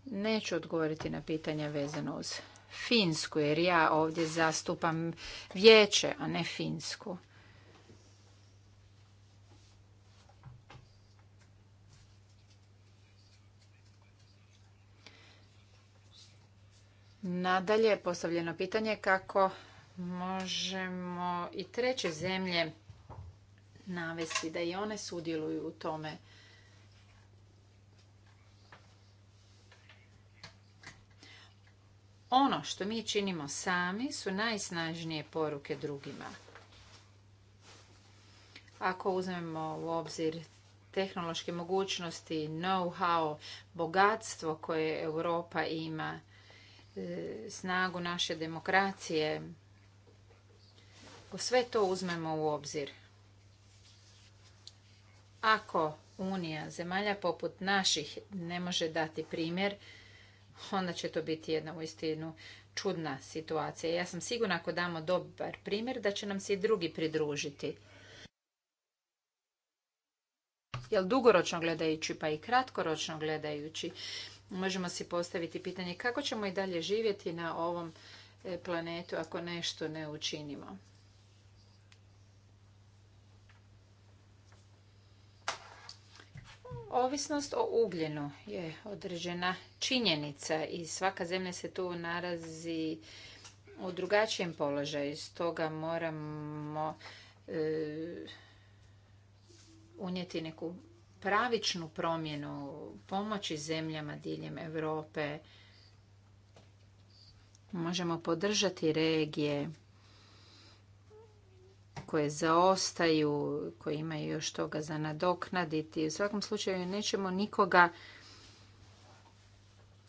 Neću odgovoriti na pitanja vezano uz Finsku, jer ja ovdje zastupam vijeće, a ne Finsku. Nadalje je postavljeno pitanje kako možemo i treće zemlje navesti da i one sudjeluju u tome. ono što mi činimo sami su najsnažnije poruke drugima. Ako uzmemo u obzir tehnološke mogućnosti, know-how, bogatstvo koje Europa ima, e, snagu naše demokracije, ako sve to uzmemo u obzir, ako Unija zemalja poput naših ne može dati primjer, onda će to biti jedna uistinu čudna situacija. Ja sam sigurna ako damo dobar primjer da će nam se i drugi pridružiti. Jel dugoročno gledajući pa i kratkoročno gledajući možemo si postaviti pitanje kako ćemo i dalje živjeti na ovom e, planetu ako nešto ne učinimo. Ovisnost o ugljenu je određena činjenica i svaka zemlja se tu narazi u drugačijem položaju. Stoga moramo e, unijeti neku pravičnu promjenu, pomoći zemljama diljem Europe. Možemo podržati regije koje zaostaju, koje imaju još toga za nadoknaditi. U svakom slučaju nećemo nikoga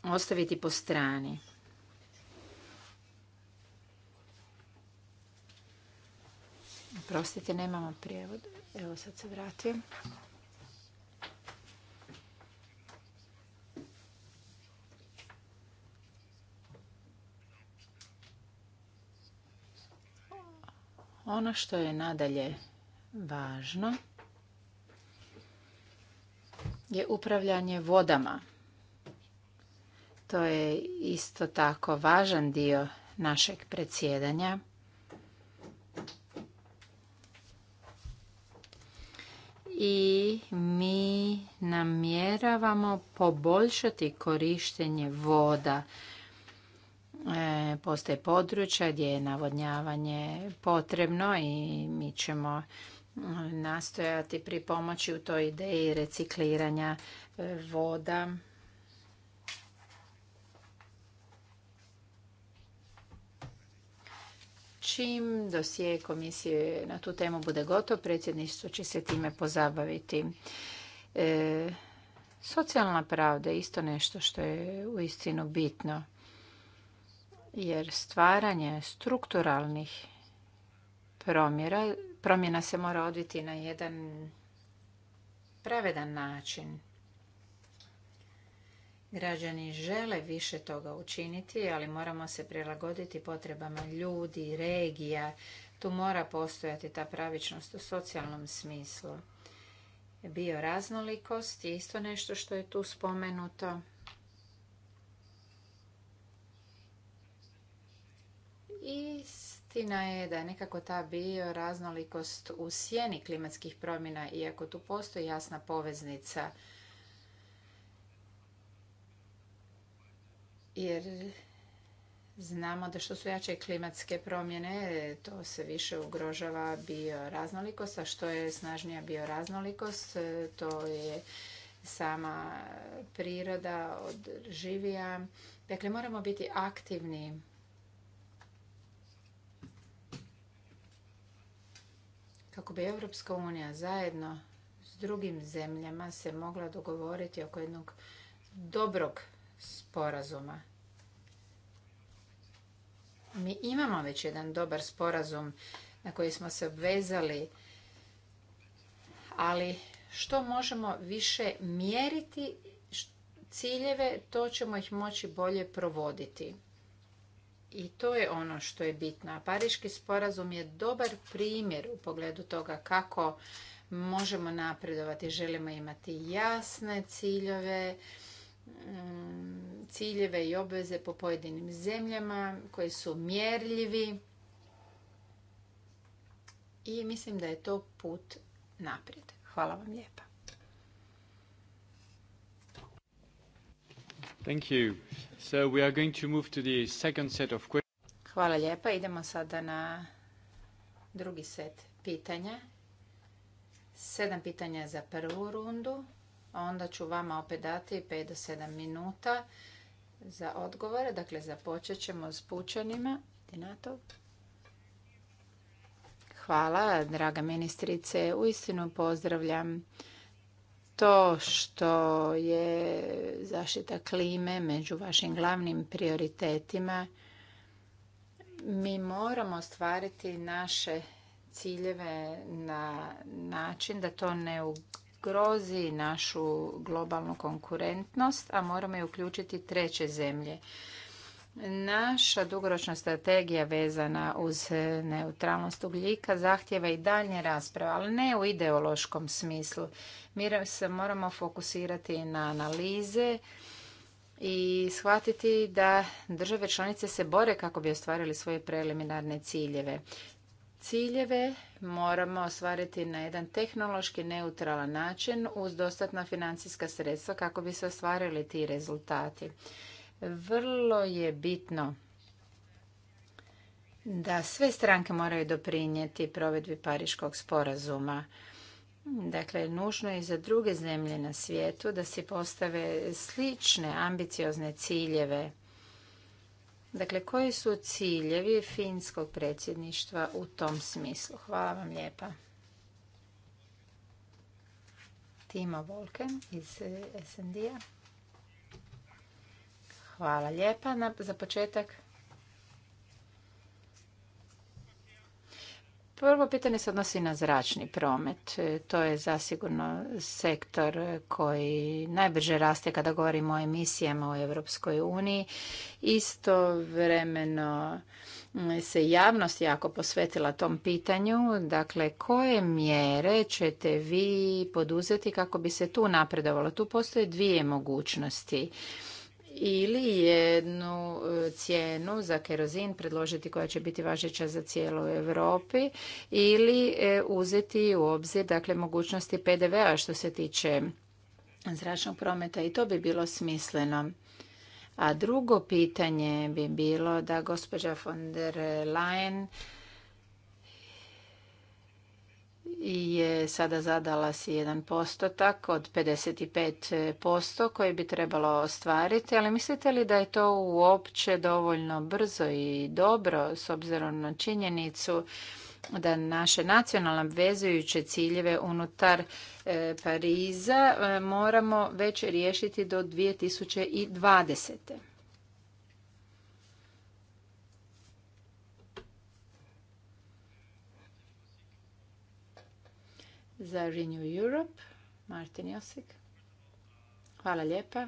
ostaviti po strani. Prostite, nemamo prijevod. Evo sad se vratim. Ono što je nadalje važno je upravljanje vodama. To je isto tako važan dio našeg predsjedanja. I mi namjeravamo poboljšati korištenje voda E, postoje područja gdje je navodnjavanje potrebno i mi ćemo mm, nastojati pri pomoći u toj ideji recikliranja e, voda. Čim dosije komisije na tu temu bude gotov, predsjedništvo će se time pozabaviti. E, socijalna pravda je isto nešto što je uistinu bitno jer stvaranje strukturalnih promjera, promjena se mora odviti na jedan pravedan način. Građani žele više toga učiniti, ali moramo se prilagoditi potrebama ljudi, regija. Tu mora postojati ta pravičnost u socijalnom smislu. Bioraznolikost je isto nešto što je tu spomenuto. Istina je da je nekako ta bioraznolikost u sjeni klimatskih promjena, iako tu postoji jasna poveznica. Jer Znamo da što su jače klimatske promjene, to se više ugrožava bioraznolikost, a što je snažnija bioraznolikost, to je sama priroda od živija. Dakle, moramo biti aktivni kako bi Europska unija zajedno s drugim zemljama se mogla dogovoriti oko jednog dobrog sporazuma. Mi imamo već jedan dobar sporazum na koji smo se obvezali, ali što možemo više mjeriti ciljeve, to ćemo ih moći bolje provoditi. I to je ono što je bitno. A Pariški sporazum je dobar primjer u pogledu toga kako možemo napredovati. Želimo imati jasne ciljeve, mm, ciljeve i obveze po pojedinim zemljama koji su mjerljivi. I mislim da je to put naprijed. Hvala vam lijepa. Thank Hvala lijepa. Idemo sada na drugi set pitanja. Sedam pitanja za prvu rundu, onda ću vama opet dati 5 do 7 minuta za odgovore. Dakle, započet ćemo s pučanima. Hvala, draga ministrice. Uistinu pozdravljam to što je zaštita klime među vašim glavnim prioritetima, mi moramo stvariti naše ciljeve na način da to ne ugrozi našu globalnu konkurentnost, a moramo i uključiti treće zemlje. Naša dugoročna strategija vezana uz neutralnost ugljika zahtjeva i daljnje rasprave, ali ne u ideološkom smislu. Mi se moramo fokusirati na analize i shvatiti da države članice se bore kako bi ostvarili svoje preliminarne ciljeve. Ciljeve moramo ostvariti na jedan tehnološki neutralan način uz dostatna financijska sredstva kako bi se ostvarili ti rezultati. Vrlo je bitno da sve stranke moraju doprinijeti provedbi Pariškog sporazuma. Dakle, nužno je i za druge zemlje na svijetu da se postave slične ambiciozne ciljeve. Dakle, koji su ciljevi finskog predsjedništva u tom smislu? Hvala vam lijepa. Tima Volken iz eh, SND-a. Hvala lijepa. za početak. Prvo pitanje se odnosi na zračni promet. E, to je zasigurno sektor koji najbrže raste kada govorimo o emisijama u Europskoj uniji. Istovremeno se javnost jako posvetila tom pitanju. Dakle, koje mjere ćete vi poduzeti kako bi se tu napredovalo? Tu postoje dvije mogućnosti ili jednu e, cijenu za kerozin predložiti koja će biti važeća za cijelu Europi ili e, uzeti u obzir dakle mogućnosti PDV-a što se tiče zračnog prometa i to bi bilo smisleno. A drugo pitanje bi bilo da gospođa von der Leyen je sada zadala si jedan postotak od 55% koji bi trebalo ostvariti, ali mislite li da je to uopće dovoljno brzo i dobro s obzirom na činjenicu da naše nacionalno obvezujuće ciljeve unutar e, Pariza e, moramo već riješiti do 2020. za Renew Europe, Martin Josik. Hvala lijepa.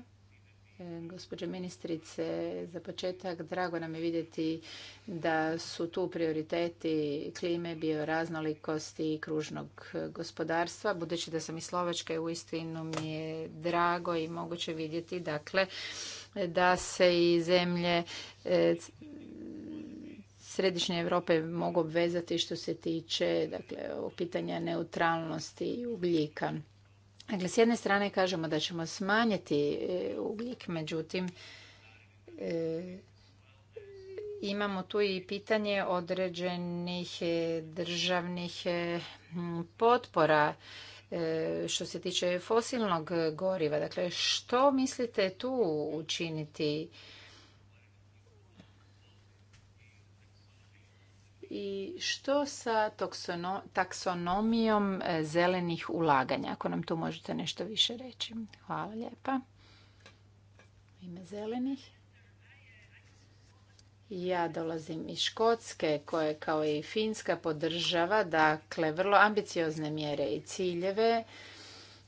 E, gospođo ministrice, za početak drago nam je vidjeti da su tu prioriteti klime, bioraznolikosti i kružnog gospodarstva. Budući da sam iz Slovačke, uistinu mi je drago i moguće vidjeti dakle, da se i zemlje e, središnje Europe mogu obvezati što se tiče dakle, ovog pitanja neutralnosti ugljika. Dakle, s jedne strane kažemo da ćemo smanjiti e, ugljik, međutim, e, imamo tu i pitanje određenih e, državnih potpora što se tiče fosilnog goriva. Dakle, što mislite tu učiniti? I što sa taksonomijom e, zelenih ulaganja? Ako nam tu možete nešto više reći. Hvala lijepa. Ime zelenih. Ja dolazim iz Škotske koje kao i Finska podržava dakle vrlo ambiciozne mjere i ciljeve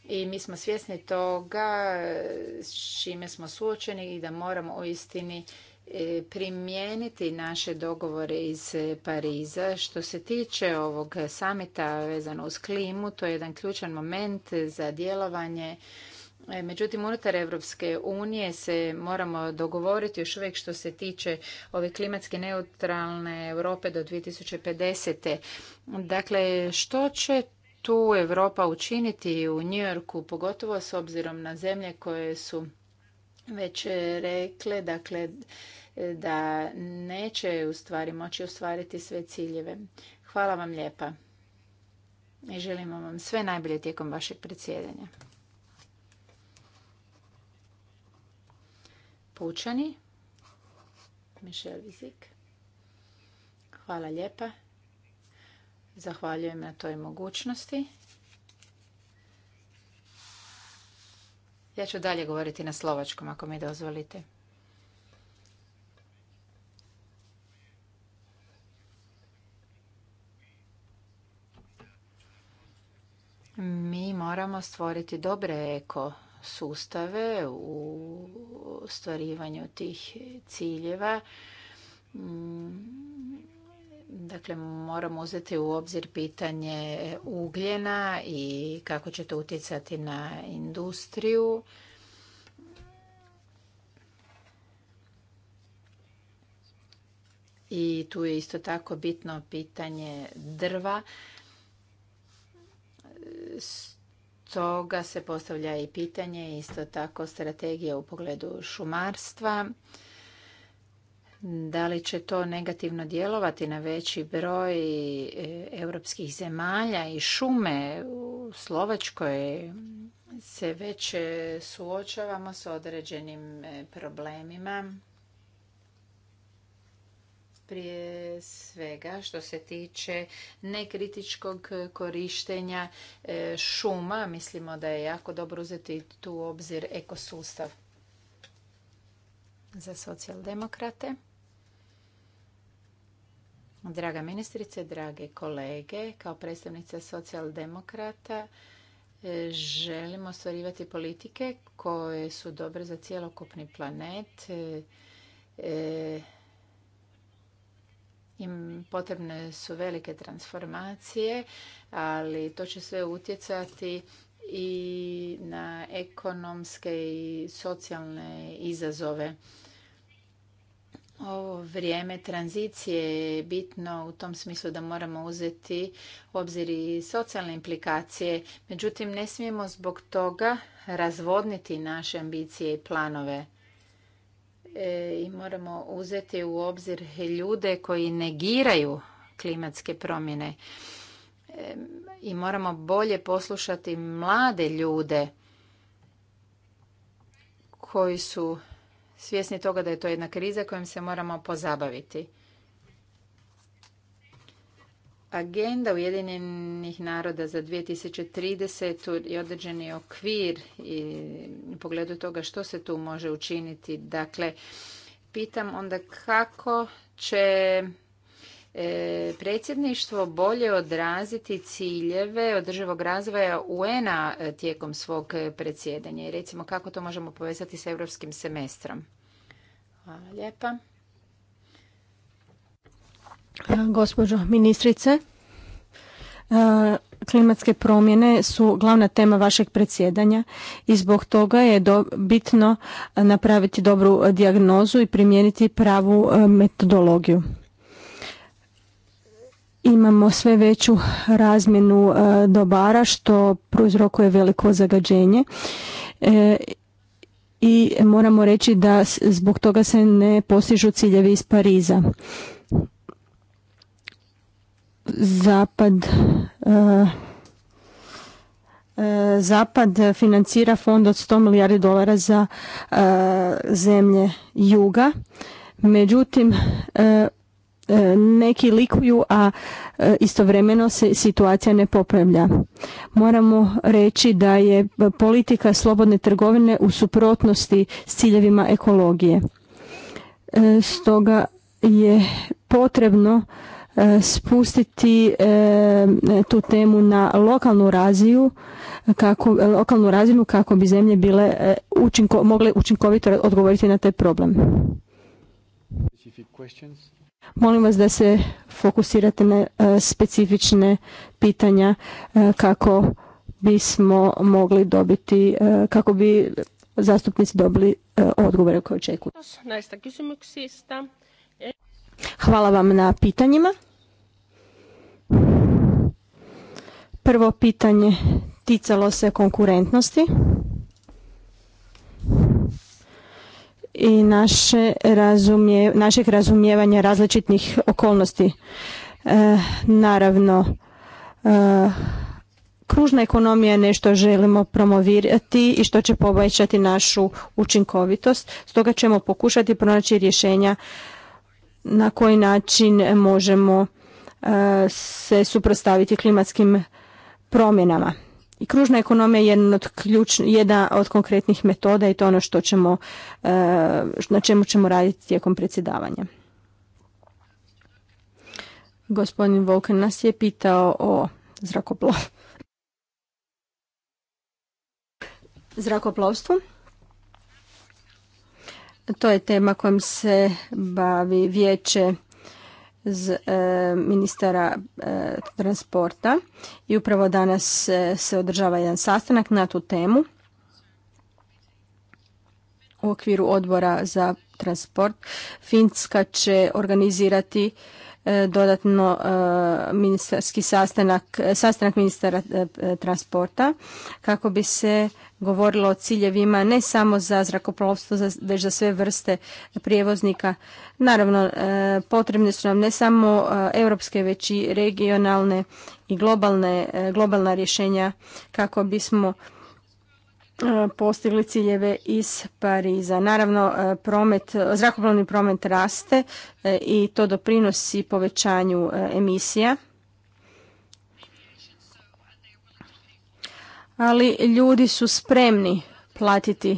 i mi smo svjesni toga e, s čime smo suočeni i da moramo u istini E, primijeniti naše dogovore iz Pariza. Što se tiče ovog samita vezano uz klimu, to je jedan ključan moment za djelovanje. E, međutim, unutar Evropske unije se moramo dogovoriti još uvijek što se tiče ove klimatske neutralne Europe do 2050. Dakle, što će tu Europa učiniti u Njujorku, pogotovo s obzirom na zemlje koje su već rekle, dakle, da neće u stvari moći ostvariti sve ciljeve. Hvala vam lijepa i želimo vam sve najbolje tijekom vašeg predsjedanja. Pučani, Mišel Vizik, hvala lijepa. Zahvaljujem na toj mogućnosti. Ja ću dalje govoriti na slovačkom, ako mi dozvolite. Mi moramo stvoriti dobre eko sustave u stvarivanju tih ciljeva mm, Dakle, moramo uzeti u obzir pitanje ugljena i kako će to utjecati na industriju. I tu je isto tako bitno pitanje drva. Stoga se postavlja i pitanje isto tako strategije u pogledu šumarstva da li će to negativno djelovati na veći broj e, europskih zemalja i šume u Slovačkoj se već e, suočavamo s određenim e, problemima. Prije svega što se tiče nekritičkog korištenja šuma, mislimo da je jako dobro uzeti tu obzir ekosustav za socijaldemokrate. Draga ministrice, drage kolege, kao predstavnica socijaldemokrata e, želimo ostvarivati politike koje su dobre za cjelokupni planet. E, e, im potrebne su velike transformacije, ali to će sve utjecati i na ekonomske i socijalne izazove ovo vrijeme tranzicije je bitno u tom smislu da moramo uzeti u obzir i socijalne implikacije. Međutim, ne smijemo zbog toga razvodniti naše ambicije i planove. E, I moramo uzeti u obzir ljude koji negiraju klimatske promjene. E, I moramo bolje poslušati mlade ljude koji su svjesni toga da je to jedna kriza kojom se moramo pozabaviti. Agenda Ujedinjenih naroda za 2030. i određeni okvir i u pogledu toga što se tu može učiniti. Dakle, pitam onda kako će E, predsjedništvo bolje odraziti ciljeve održivog razvoja un e, tijekom svog predsjedanja i recimo kako to možemo povezati s europskim semestrom. Hvala lijepa. E, gospođo ministrice, klimatske promjene su glavna tema vašeg predsjedanja i zbog toga je bitno napraviti dobru dijagnozu i primijeniti pravu metodologiju imamo sve veću razmjenu e, dobara što prouzrokuje veliko zagađenje e, i moramo reći da zbog toga se ne postižu ciljevi iz Pariza. Zapad e, Zapad financira fond od 100 milijardi dolara za zemlje juga. Međutim, E, neki likuju, a e, istovremeno se situacija ne popravlja. Moramo reći da je politika slobodne trgovine u suprotnosti s ciljevima ekologije. E, stoga je potrebno spustiti tu temu na lokalnu razinu kako, lokalnu razinu kako bi zemlje bile učinko, mogle učinkovito odgovoriti na taj problem. Molim vas da se fokusirate na e, specifične pitanja e, kako bismo mogli dobiti, e, kako bi zastupnici dobili odgovore koje očekuju. Hvala vam na pitanjima. Prvo pitanje ticalo se konkurentnosti. i našeg razumijevanja različitih okolnosti. E, naravno, e, kružna ekonomija je nešto želimo promovirati i što će poboljšati našu učinkovitost. Stoga ćemo pokušati pronaći rješenja na koji način možemo e, se suprotstaviti klimatskim promjenama. I kružna ekonomija je od jedna od konkretnih metoda i to je ono što ćemo, eh, na čemu ćemo raditi tijekom predsjedavanja. Gospodin Volkan nas je pitao o zrakoplovstvu. Zrakoplovstvu. To je tema kojom se bavi vijeće z e, ministara e, transporta i upravo danas e, se održava jedan sastanak na tu temu u okviru odbora za transport. Finska će organizirati E, dodatno e, ministarski sastanak, sastanak ministara e, transporta kako bi se govorilo o ciljevima ne samo za zrakoplovstvo, već za sve vrste prijevoznika. Naravno, potrebne su nam ne samo europske, već i regionalne i globalne, globalna rješenja kako bismo E, postigli ciljeve iz Pariza. Naravno, e, promet, zrakoplovni promet raste e, i to doprinosi povećanju emisija. Ali ljudi su spremni platiti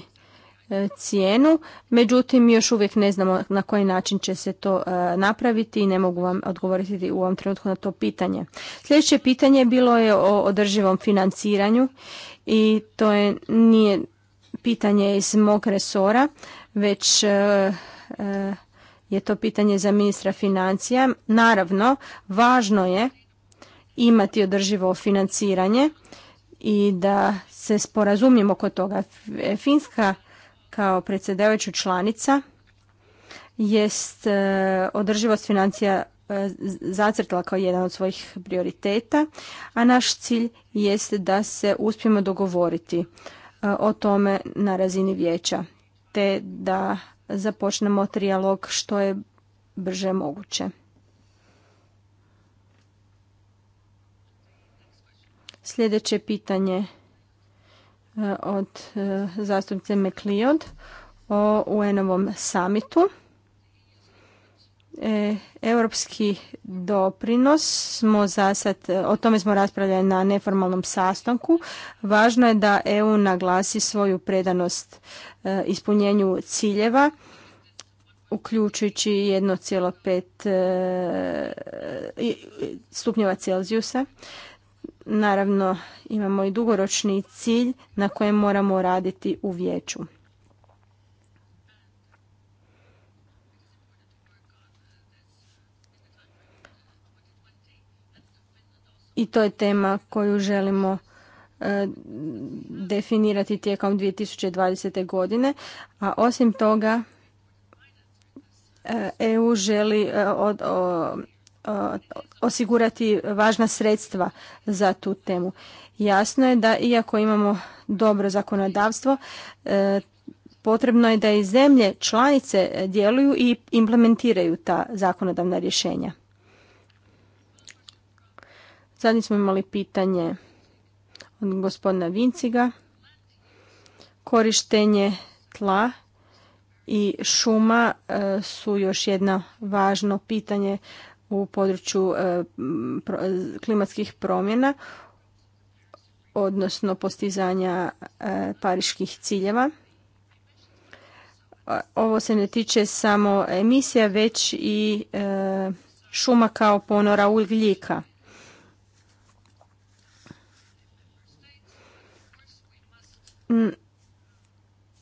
E, cijenu. Međutim, još uvijek ne znamo na koji način će se to e, napraviti i ne mogu vam odgovoriti u ovom trenutku na to pitanje. Sljedeće pitanje bilo je o održivom financiranju i to je, nije pitanje iz mog resora, već e, je to pitanje za ministra financija. Naravno, važno je imati održivo financiranje i da se sporazumimo kod toga. Finska kao predsjedavajuća članica jest e, održivost financija e, zacrtala kao jedan od svojih prioriteta, a naš cilj jest da se uspijemo dogovoriti e, o tome na razini vijeća, te da započnemo trijalog što je brže moguće. Sljedeće pitanje od e, zastupnice McLeod o UN-ovom samitu. E, europski doprinos smo zasad, e, o tome smo raspravljali na neformalnom sastanku. Važno je da EU naglasi svoju predanost ispunjenju ciljeva uključujući 1,5 stupnjeva Celzijusa. Naravno, imamo i dugoročni cilj na kojem moramo raditi u vijeću. I to je tema koju želimo e, definirati tijekom 2020. godine, a osim toga EU e želi e, Uh, osigurati važna sredstva za tu temu. Jasno je da iako imamo dobro zakonodavstvo, uh, potrebno je da i zemlje članice djeluju i implementiraju ta zakonodavna rješenja. Zadnji smo imali pitanje od gospodina Vinciga. Korištenje tla i šuma uh, su još jedno važno pitanje u području e, klimatskih promjena, odnosno postizanja e, pariških ciljeva. Ovo se ne tiče samo emisija, već i e, šuma kao ponora ugljika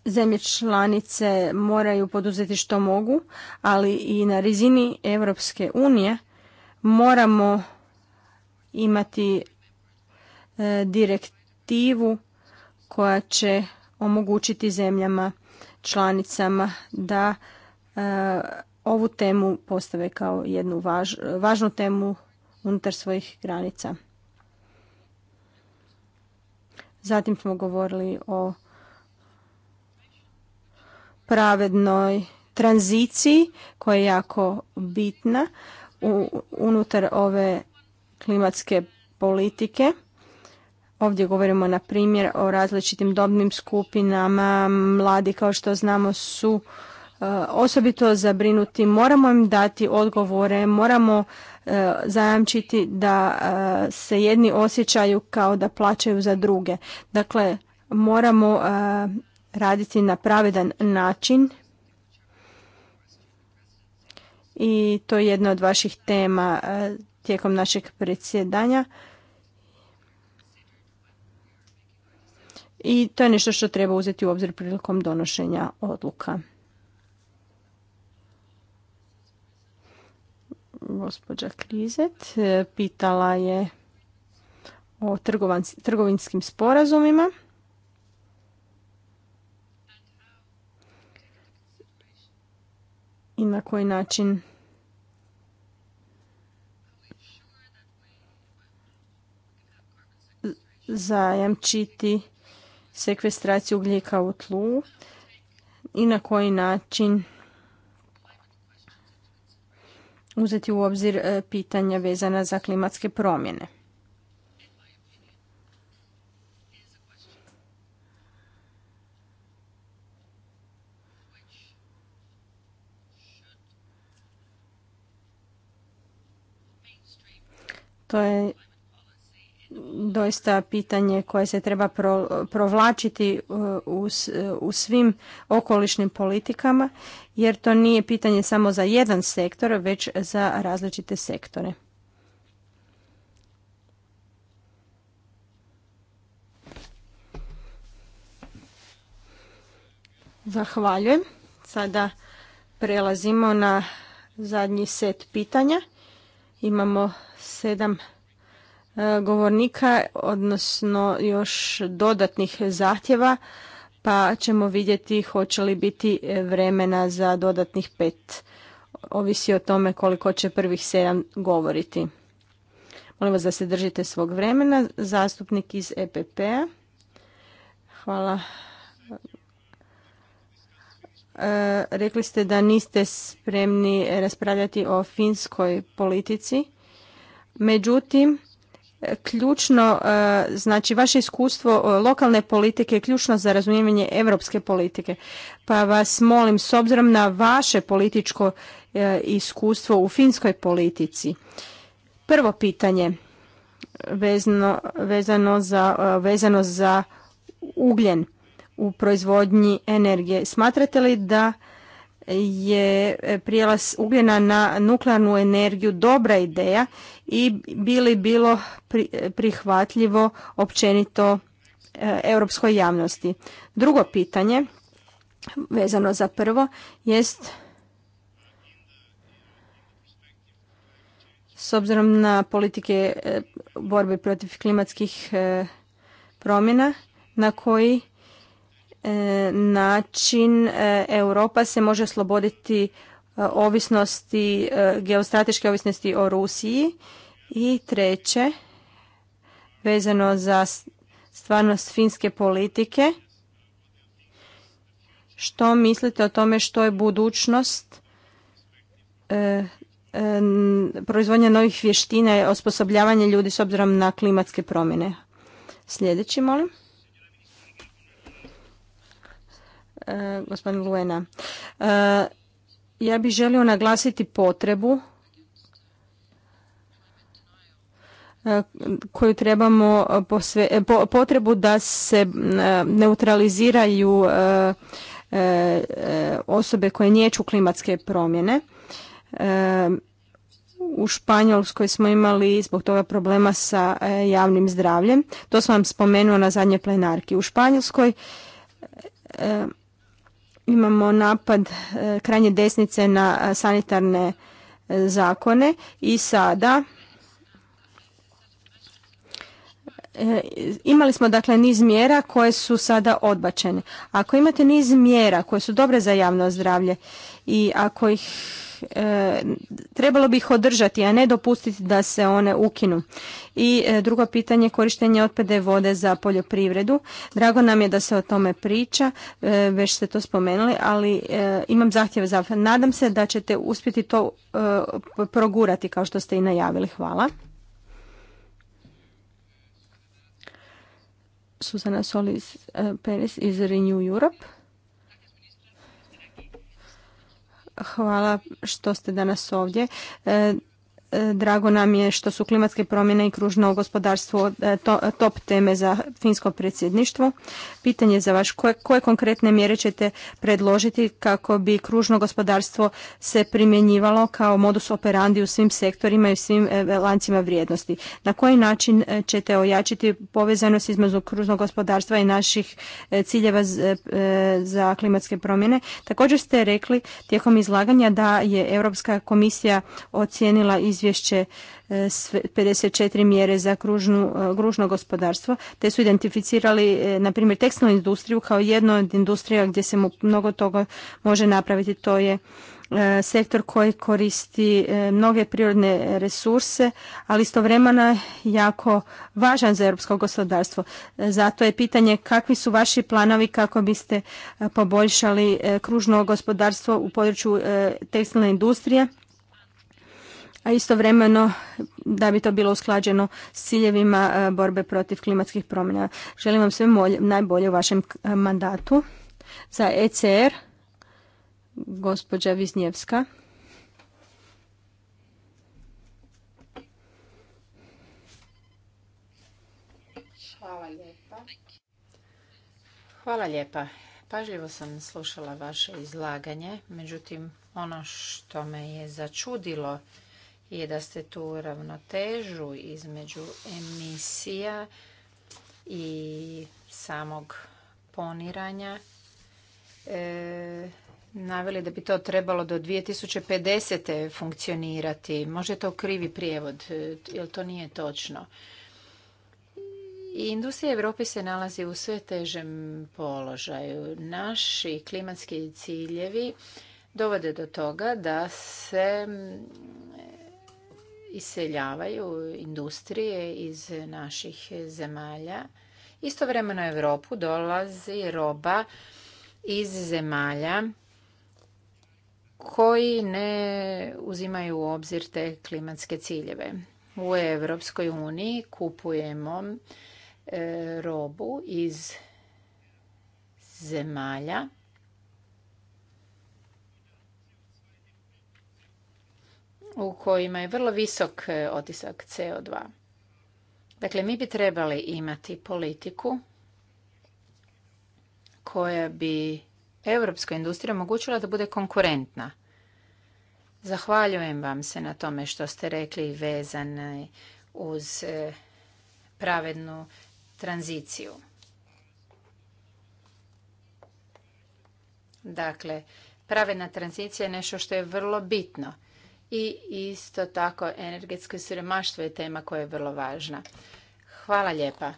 zemlje članice moraju poduzeti što mogu, ali i na rizini Europske unije moramo imati e, direktivu koja će omogućiti zemljama članicama da e, ovu temu postave kao jednu važnu temu unutar svojih granica. Zatim smo govorili o pravednoj tranziciji koja je jako bitna unutar ove klimatske politike. Ovdje govorimo na primjer o različitim dobnim skupinama. Mladi kao što znamo su e, osobito zabrinuti. Moramo im dati odgovore, moramo e, zajamčiti da e, se jedni osjećaju kao da plaćaju za druge. Dakle, moramo raditi na pravedan način i to je jedna od vaših tema e, tijekom našeg predsjedanja. I to je nešto što treba uzeti u obzir prilikom donošenja odluka. Gospođa Krizet e, pitala je o trgovinskim sporazumima. i na koji način zajamčiti sekvestraciju ugljika u tlu i na koji način uzeti u obzir e, pitanja vezana za klimatske promjene. To je doista pitanje koje se treba provlačiti e, e, u svim okolišnim politikama jer to nije pitanje samo za jedan sektor već za različite sektore. Zahvaljujem. Sada prelazimo na zadnji set pitanja imamo sedam e, govornika, odnosno još dodatnih zahtjeva, pa ćemo vidjeti hoće li biti vremena za dodatnih pet. Ovisi o tome koliko će prvih sedam govoriti. Molim vas da se držite svog vremena. Zastupnik iz EPP-a. Hvala E, rekli ste da niste spremni raspravljati o finskoj politici. Međutim, ključno, e, znači vaše iskustvo e, lokalne politike je ključno za razumijevanje europske politike. Pa vas molim, s obzirom na vaše političko iskustvo u finskoj politici, prvo pitanje vezano, za, vezano za ugljen u proizvodnji energije. Smatrate li da je prijelaz ugljena na nuklearnu energiju dobra ideja i bi li bilo prihvatljivo općenito e, europskoj javnosti? Drugo pitanje vezano za prvo jest s obzirom na politike e, borbe protiv klimatskih e, promjena na koji E, način e, Europa se može osloboditi e, ovisnosti, geostrateške ovisnosti o Rusiji. I treće, vezano za stvarnost finske politike, što mislite o tome što je budućnost proizvodnja novih vještina i osposobljavanje ljudi s obzirom na klimatske promjene? Sljedeći, molim. E, gospodin Luena. E, ja bih želio naglasiti potrebu e, koju trebamo potrebu da se neutraliziraju osobe koje nječu klimatske promjene. U Španjolskoj smo imali zbog toga problema sa javnim zdravljem. To sam vam spomenuo na zadnje plenarki. U Španjolskoj imamo napad e, krajnje desnice na e, sanitarne e, zakone i sada imali smo dakle niz mjera koje su sada odbačene. Ako imate niz mjera koje su dobre za javno zdravlje i ako ih E, trebalo bi ih održati, a ne dopustiti da se one ukinu. I e, drugo pitanje, korištenje otpade vode za poljoprivredu. Drago nam je da se o tome priča, e, već ste to spomenuli, ali imam zahtjeve za... Nadam se da ćete uspjeti to progurati kao što ste i najavili. Hvala. Susana Solis penis iz Renew Europe. Hvala što ste danas ovdje. E, E, drago nam je što su klimatske promjene i kružno gospodarstvo e, top teme za finsko predsjedništvo. Pitanje za vaš. koje, konkretne mjere ćete predložiti kako bi kružno gospodarstvo se primjenjivalo kao modus operandi u svim sektorima i svim e, lancima vrijednosti? Na koji način ćete ojačiti povezanost između kružnog gospodarstva i naših ciljeva za klimatske promjene? Također ste rekli tijekom izlaganja da je Europska komisija ocijenila iz izvješće 54 e, mjere za kružnu, e, kružno gospodarstvo, te su identificirali, e, na primjer, tekstilnu industriju kao jednu od industrija gdje se mnogo toga može napraviti. To je sektor koji koristi mnoge prirodne resurse, ali istovremeno je jako važan za europsko gospodarstvo. Zato je pitanje kakvi su vaši planovi kako biste poboljšali kružno gospodarstvo u području tekstilne industrije a istovremeno da bi to bilo usklađeno s ciljevima e, borbe protiv klimatskih promjena. Želim vam sve najbolje u vašem e, mandatu. Za ECR, gospođa Viznjevska. Hvala lijepa. Hvala lijepa. Pažljivo sam slušala vaše izlaganje, međutim ono što me je začudilo je da ste tu ravnotežu između emisija i samog poniranja e, naveli da bi to trebalo do 2050. funkcionirati. Može to krivi prijevod, e, jer to nije točno. industrija Europe se nalazi u sve težem položaju. Naši klimatski ciljevi dovode do toga da se iseljavaju industrije iz naših zemalja. Istovremeno Europu dolazi roba iz zemalja koji ne uzimaju u obzir te klimatske ciljeve. U Europskoj uniji kupujemo e, robu iz zemalja u kojima je vrlo visok e, otisak CO2. Dakle, mi bi trebali imati politiku koja bi evropskoj industriji omogućila da bude konkurentna. Zahvaljujem vam se na tome što ste rekli vezane uz e, pravednu tranziciju. Dakle, pravedna tranzicija je nešto što je vrlo bitno i isto tako energetsko siromaštvo je tema koja je vrlo važna. Hvala lijepa.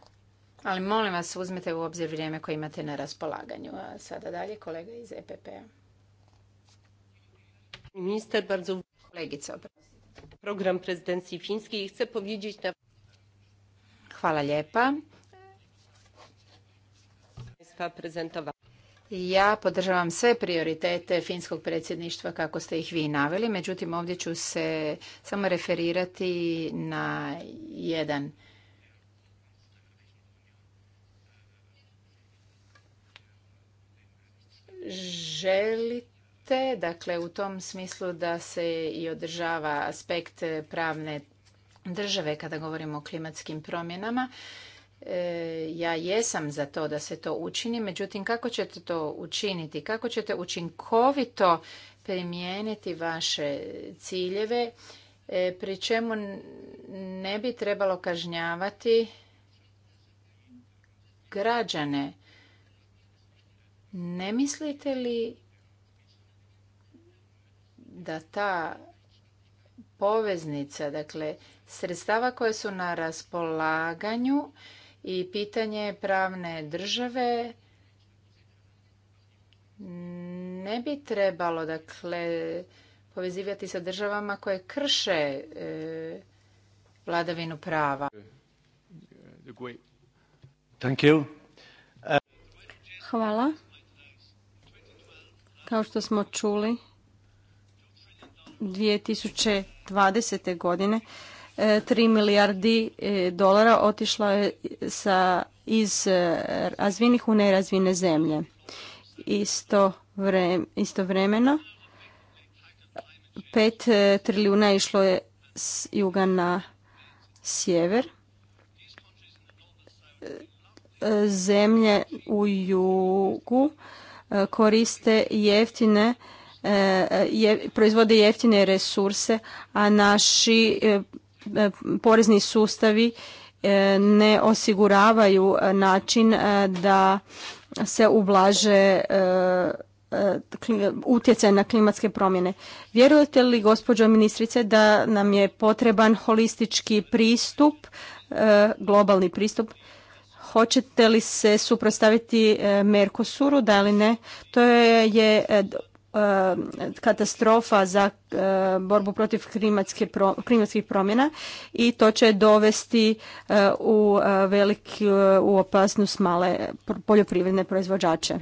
Ali molim vas uzmite u obzir vrijeme koje imate na raspolaganju. A sada dalje kolega iz EPP-a. Minister, bardzo... Kolegica, Program prezydencji fińskiej i chcę powiedzieć na... Hvala lijepa. Prezentowa. Ja podržavam sve prioritete finskog predsjedništva kako ste ih vi naveli, međutim ovdje ću se samo referirati na jedan želite, dakle u tom smislu da se i održava aspekt pravne države kada govorimo o klimatskim promjenama. E, ja jesam za to da se to učini, međutim kako ćete to učiniti, kako ćete učinkovito primijeniti vaše ciljeve, e, pri čemu ne bi trebalo kažnjavati građane. Ne mislite li da ta poveznica, dakle sredstava koje su na raspolaganju, i pitanje pravne države ne bi trebalo dakle povezivati sa državama koje krše e, vladavinu prava. Hvala. Kao što smo čuli 2020. godine 3 e, milijardi e, dolara otišlo je sa, iz e, razvijenih u nerazvijene zemlje. Isto vre, istovremeno 5 trilijuna išlo je s juga na sjever. Zemlje u jugu koriste jeftine proizvode jeftine resurse, a naši E, porezni sustavi e, ne osiguravaju način e, da se ublaže utjecaj na klimatske promjene. Vjerujete li, gospođo ministrice, da nam je potreban holistički pristup, globalni pristup? Hoćete li se suprostaviti Merkosuru, da li ne? To je Eh, katastrofa za eh, borbu protiv klimatskih promjena i to će dovesti eh, u veliki u opasnost male poljoprivredne proizvođače.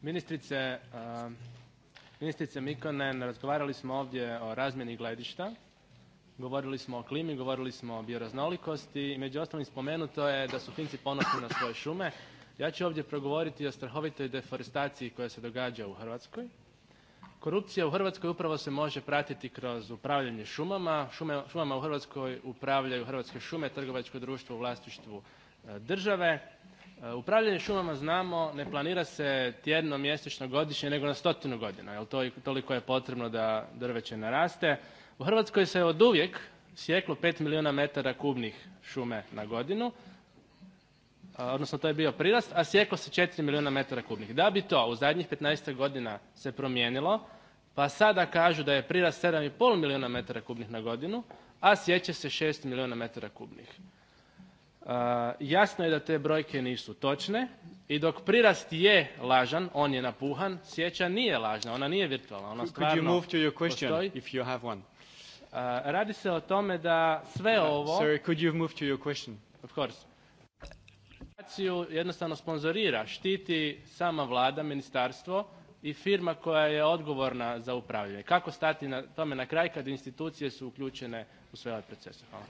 Ministrice, ministrice Mikonen, razgovarali smo ovdje o razmjeni gledišta govorili smo o klimi, govorili smo o bioraznolikosti i među ostalim spomenuto je da su Finci ponosni na svoje šume. Ja ću ovdje progovoriti o strahovitoj deforestaciji koja se događa u Hrvatskoj. Korupcija u Hrvatskoj upravo se može pratiti kroz upravljanje šumama. Šume, šumama u Hrvatskoj upravljaju Hrvatske šume, trgovačko društvo u vlasništvu e, države. E, upravljanje šumama znamo ne planira se tjedno, mjesečno, godišnje nego na stotinu godina jer toliko je potrebno da drveće naraste. U Hrvatskoj se oduvijek sjeklo 5 milijuna metara kubnih šume na godinu, odnosno to je bio prirast, a sjeklo se 4 milijuna metara kubnih. Da bi to u zadnjih 15 godina se promijenilo, pa sada kažu da je prirast 7,5 milijuna metara kubnih na godinu, a sječe se 6 milijuna metara kubnih. jasno je da te brojke nisu točne i dok prirast je lažan, on je napuhan, sjeća nije lažna, ona nije virtualna, ona stvarno postoji. Uh, radi se o tome da sve uh, ovo... Sorry, could you move to your question? Of course. Jednostavno sponzorira, štiti sama vlada, ministarstvo i firma koja je odgovorna za upravljanje. Kako stati na tome na kraj kad institucije su uključene u sve ove procese? Hvala.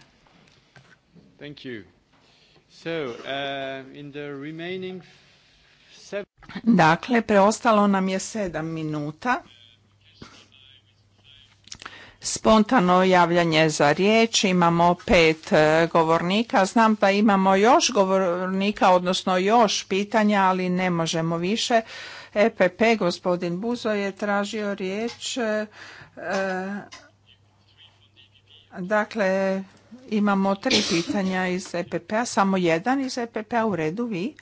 Thank you. So, uh, in the remaining... Dakle, preostalo nam je sedam minuta spontano javljanje za riječ. Imamo pet e, govornika. Znam da imamo još govornika, odnosno još pitanja, ali ne možemo više. EPP, gospodin Buzo je tražio riječ. E, e, dakle, imamo tri pitanja iz EPP-a, samo jedan iz EPP-a u redu, vi.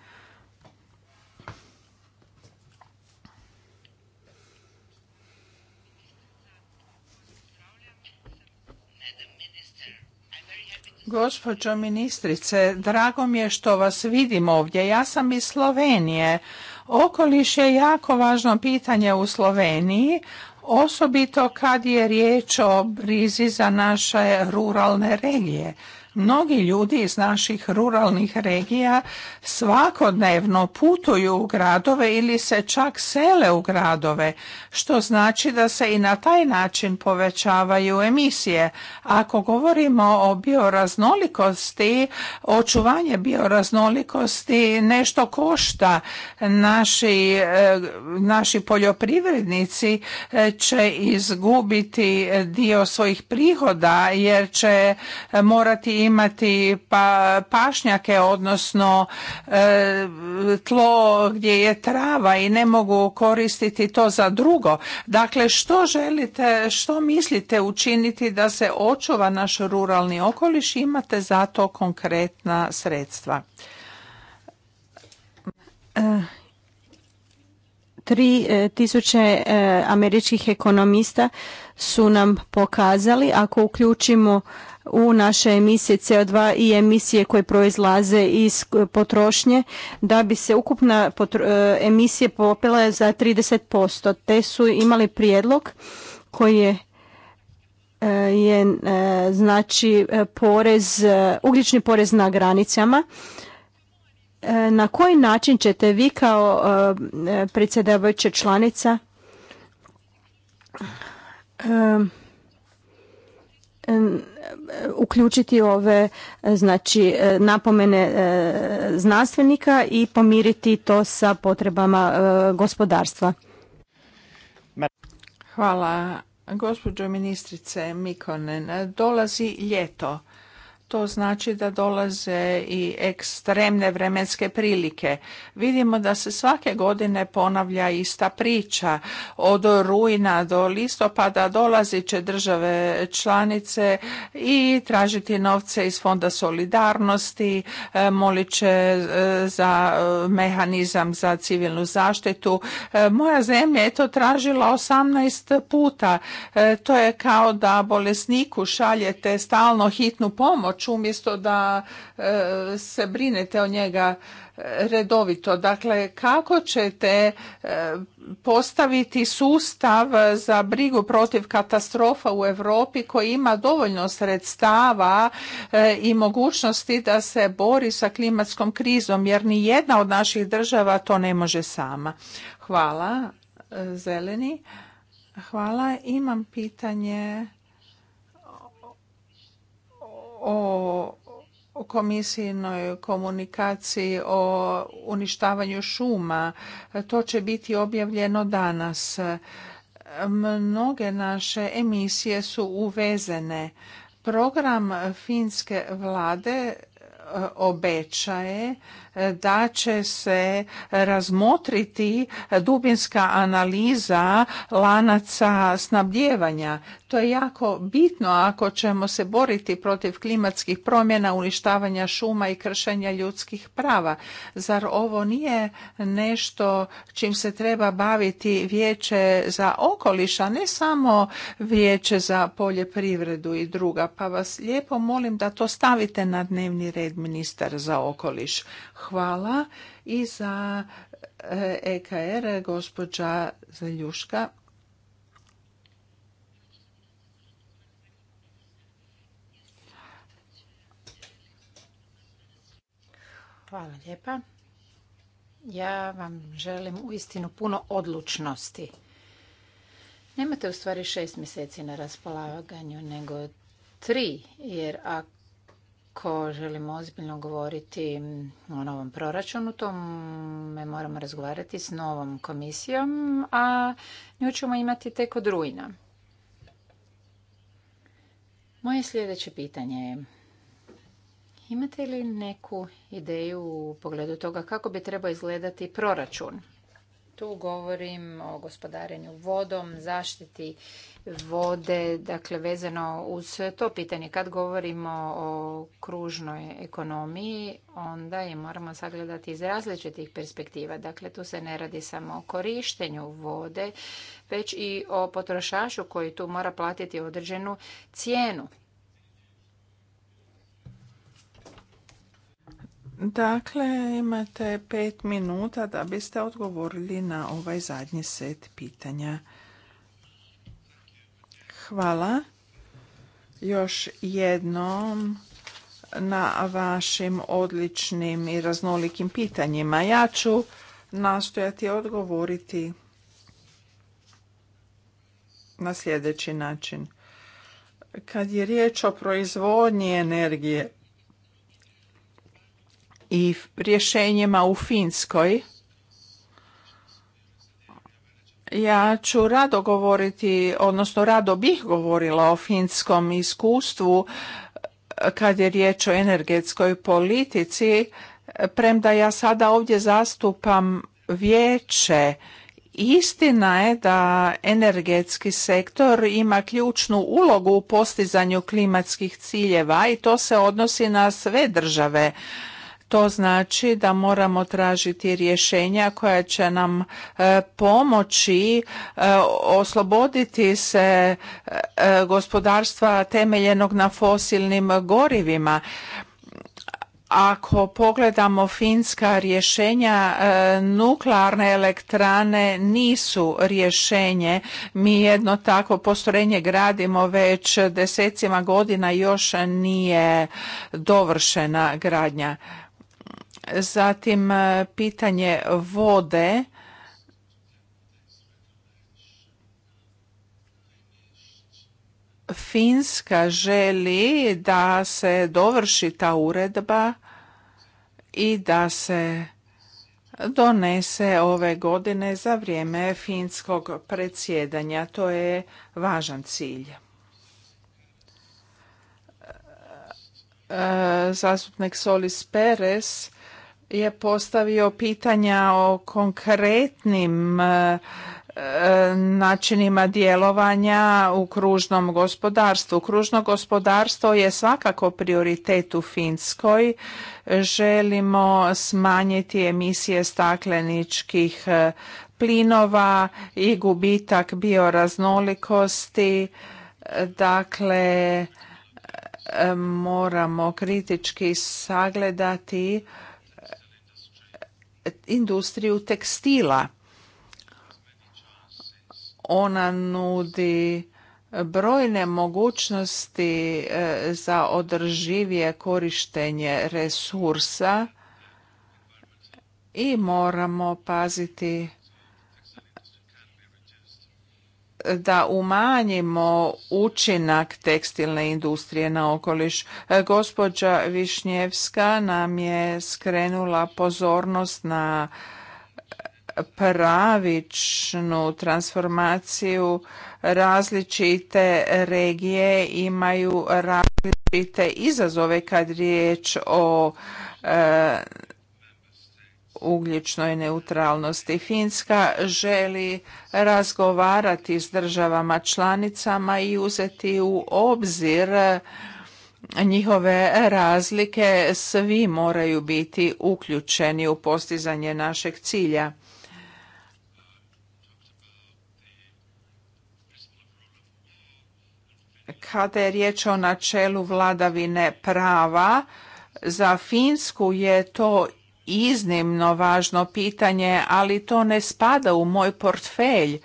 Gospođo ministrice, drago mi je što vas vidim ovdje. Ja sam iz Slovenije. Okoliš je jako važno pitanje u Sloveniji, osobito kad je riječ o brizi za naše ruralne regije. Mnogi ljudi iz naših ruralnih regija svakodnevno putuju u gradove ili se čak sele u gradove, što znači da se i na taj način povećavaju emisije. Ako govorimo o bioraznolikosti, očuvanje bioraznolikosti nešto košta. Naši, eh, naši poljoprivrednici eh, će izgubiti dio svojih prihoda jer će morati imati pa pašnjake, odnosno e, tlo gdje je trava i ne mogu koristiti to za drugo. Dakle, što želite, što mislite učiniti da se očuva naš ruralni okoliš? Imate za to konkretna sredstva. E, 3000 e, e, američkih ekonomista su nam pokazali ako uključimo u naše emisije CO2 i emisije koje proizlaze iz e, potrošnje da bi se ukupna emisije popela za 30%. Te su imali prijedlog koji je je znači porez, ugljični porez na granicama E, na koji način ćete vi kao e, predsjedavajuća članica e, uključiti ove znači napomene znanstvenika i pomiriti to sa potrebama gospodarstva. Hvala. Gospođo ministrice Mikonen, dolazi ljeto to znači da dolaze i ekstremne vremenske prilike. Vidimo da se svake godine ponavlja ista priča. Od rujna do listopada dolazi će države članice i tražiti novce iz Fonda solidarnosti, e, molit će e, za e, mehanizam za civilnu zaštitu. Moja zemlja je to tražila 18 puta. To je kao da bolesniku šaljete stalno hitnu pomoć umjesto da e, se brinete o njega redovito. Dakle, kako ćete e, postaviti sustav za brigu protiv katastrofa u Europi koji ima dovoljno sredstava e, i mogućnosti da se bori sa klimatskom krizom jer ni jedna od naših država to ne može sama. Hvala, zeleni. Hvala. Imam pitanje o komisijnoj komunikaciji o uništavanju šuma. To će biti objavljeno danas. Mnoge naše emisije su uvezene. Program finske vlade e, obećaje da će se razmotriti dubinska analiza lanaca snabdjevanja. To je jako bitno ako ćemo se boriti protiv klimatskih promjena, uništavanja šuma i kršenja ljudskih prava. Zar ovo nije nešto čim se treba baviti vijeće za okoliš, a ne samo vijeće za poljoprivredu i druga? Pa vas lijepo molim da to stavite na dnevni red ministar za okoliš. Hvala i za EKR e gospođa Zaljuška. Hvala lijepa. Ja vam želim uistinu puno odlučnosti. Nemate u stvari šest mjeseci na raspolaganju, nego tri, jer ako ako želimo ozbiljno govoriti o novom proračunu, me moramo razgovarati s novom komisijom, a nju ćemo imati tek od rujna. Moje sljedeće pitanje je, imate li neku ideju u pogledu toga kako bi trebao izgledati proračun tu govorim o gospodarenju vodom, zaštiti vode, dakle vezano uz to pitanje. Kad govorimo o kružnoj ekonomiji, onda je moramo sagledati iz različitih perspektiva. Dakle, tu se ne radi samo o korištenju vode, već i o potrošaču koji tu mora platiti određenu cijenu Dakle, imate pet minuta da biste odgovorili na ovaj zadnji set pitanja. Hvala još jednom na vašim odličnim i raznolikim pitanjima. Ja ću nastojati odgovoriti na sljedeći način. Kad je riječ o proizvodnji energije, i rješenjima u Finskoj. Ja ću rado govoriti, odnosno rado bih govorila o finskom iskustvu kad je riječ o energetskoj politici, premda ja sada ovdje zastupam vijeće. Istina je da energetski sektor ima ključnu ulogu u postizanju klimatskih ciljeva i to se odnosi na sve države. To znači da moramo tražiti rješenja koja će nam e, pomoći e, osloboditi se e, gospodarstva temeljenog na fosilnim gorivima. Ako pogledamo finska rješenja, nuklearne elektrane nisu rješenje. Mi jedno tako postrojenje gradimo već desecima godina još nije dovršena gradnja. Zatim e, pitanje vode. Finska želi da se dovrši ta uredba i da se donese ove godine za vrijeme finskog predsjedanja. To je važan cilj. E, zastupnik Solis Perez je postavio pitanja o konkretnim e, načinima djelovanja u kružnom gospodarstvu. Kružno gospodarstvo je svakako prioritet u Finskoj. Želimo smanjiti emisije stakleničkih e, plinova i gubitak bioraznolikosti. Dakle, e, moramo kritički sagledati industriju tekstila. Ona nudi brojne mogućnosti e, za održivije korištenje resursa i moramo paziti da umanjimo učinak tekstilne industrije na okoliš. E, gospođa Višnjevska nam je skrenula pozornost na pravičnu transformaciju različite regije imaju različite izazove kad riječ o e, ugljičnoj neutralnosti. Finska želi razgovarati s državama članicama i uzeti u obzir njihove razlike. Svi moraju biti uključeni u postizanje našeg cilja. Kada je riječ o načelu vladavine prava, za Finsku je to iznimno važno pitanje, ali to ne spada u moj portfelj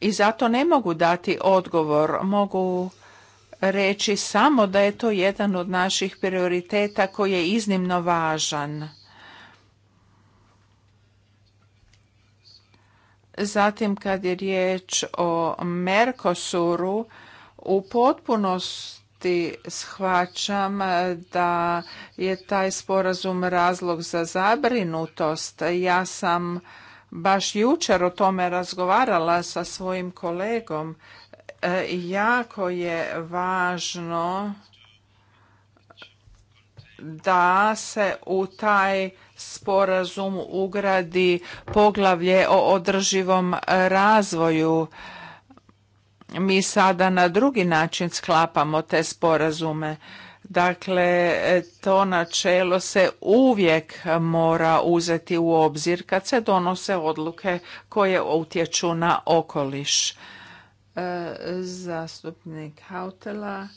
i zato ne mogu dati odgovor. Mogu reći samo da je to jedan od naših prioriteta koji je iznimno važan. Zatim kad je riječ o Mercosuru, u potpunosti shvaćam da je taj sporazum razlog za zabrinutost. Ja sam baš jučer o tome razgovarala sa svojim kolegom. E, jako je važno da se u taj sporazum ugradi poglavlje o održivom razvoju mi sada na drugi način sklapamo te sporazume. Dakle, to načelo se uvijek mora uzeti u obzir kad se donose odluke koje utječu na okoliš. E, zastupnik Hautela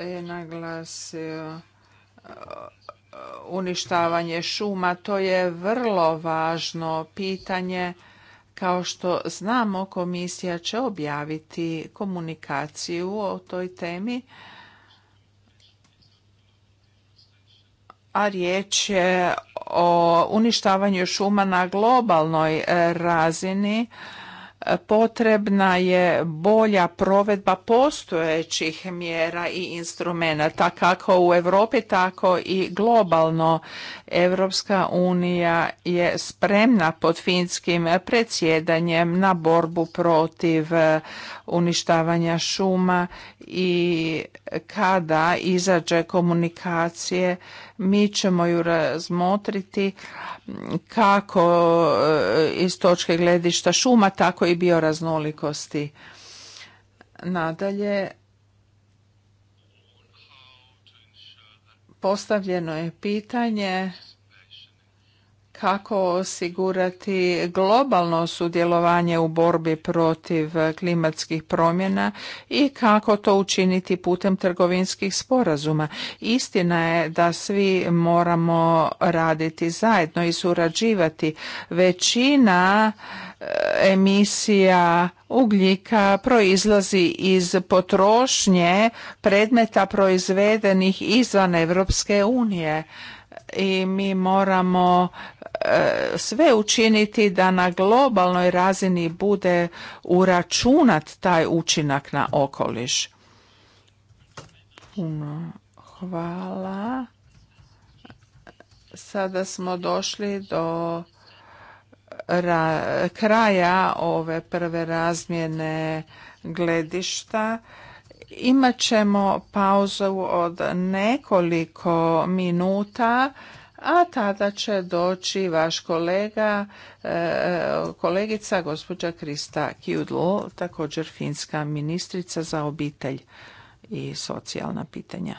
je naglasio e, uništavanje šuma. To je vrlo važno pitanje kao što znamo, komisija će objaviti komunikaciju o toj temi, a riječ je o uništavanju šuma na globalnoj e, razini potrebna je bolja provedba postojećih mjera i instrumenata kako u Europi tako i globalno. Europska unija je spremna pod finskim predsjedanjem na borbu protiv e, uništavanja šuma i kada izađe komunikacije mi ćemo ju razmotriti kako e, iz točke gledišta šuma, tako i bioraznolikosti. Nadalje, postavljeno je pitanje kako osigurati globalno sudjelovanje u borbi protiv klimatskih promjena i kako to učiniti putem trgovinskih sporazuma. Istina je da svi moramo raditi zajedno i surađivati. Većina eh, emisija ugljika proizlazi iz potrošnje predmeta proizvedenih izvan Europske unije i mi moramo e, sve učiniti da na globalnoj razini bude uračunat taj učinak na okoliš. Puno hvala. Sada smo došli do kraja ove prve razmjene gledišta. Imat ćemo pauzu od nekoliko minuta, a tada će doći vaš kolega, e, kolegica gospođa Krista Kjudlo, također finska ministrica za obitelj i socijalna pitanja.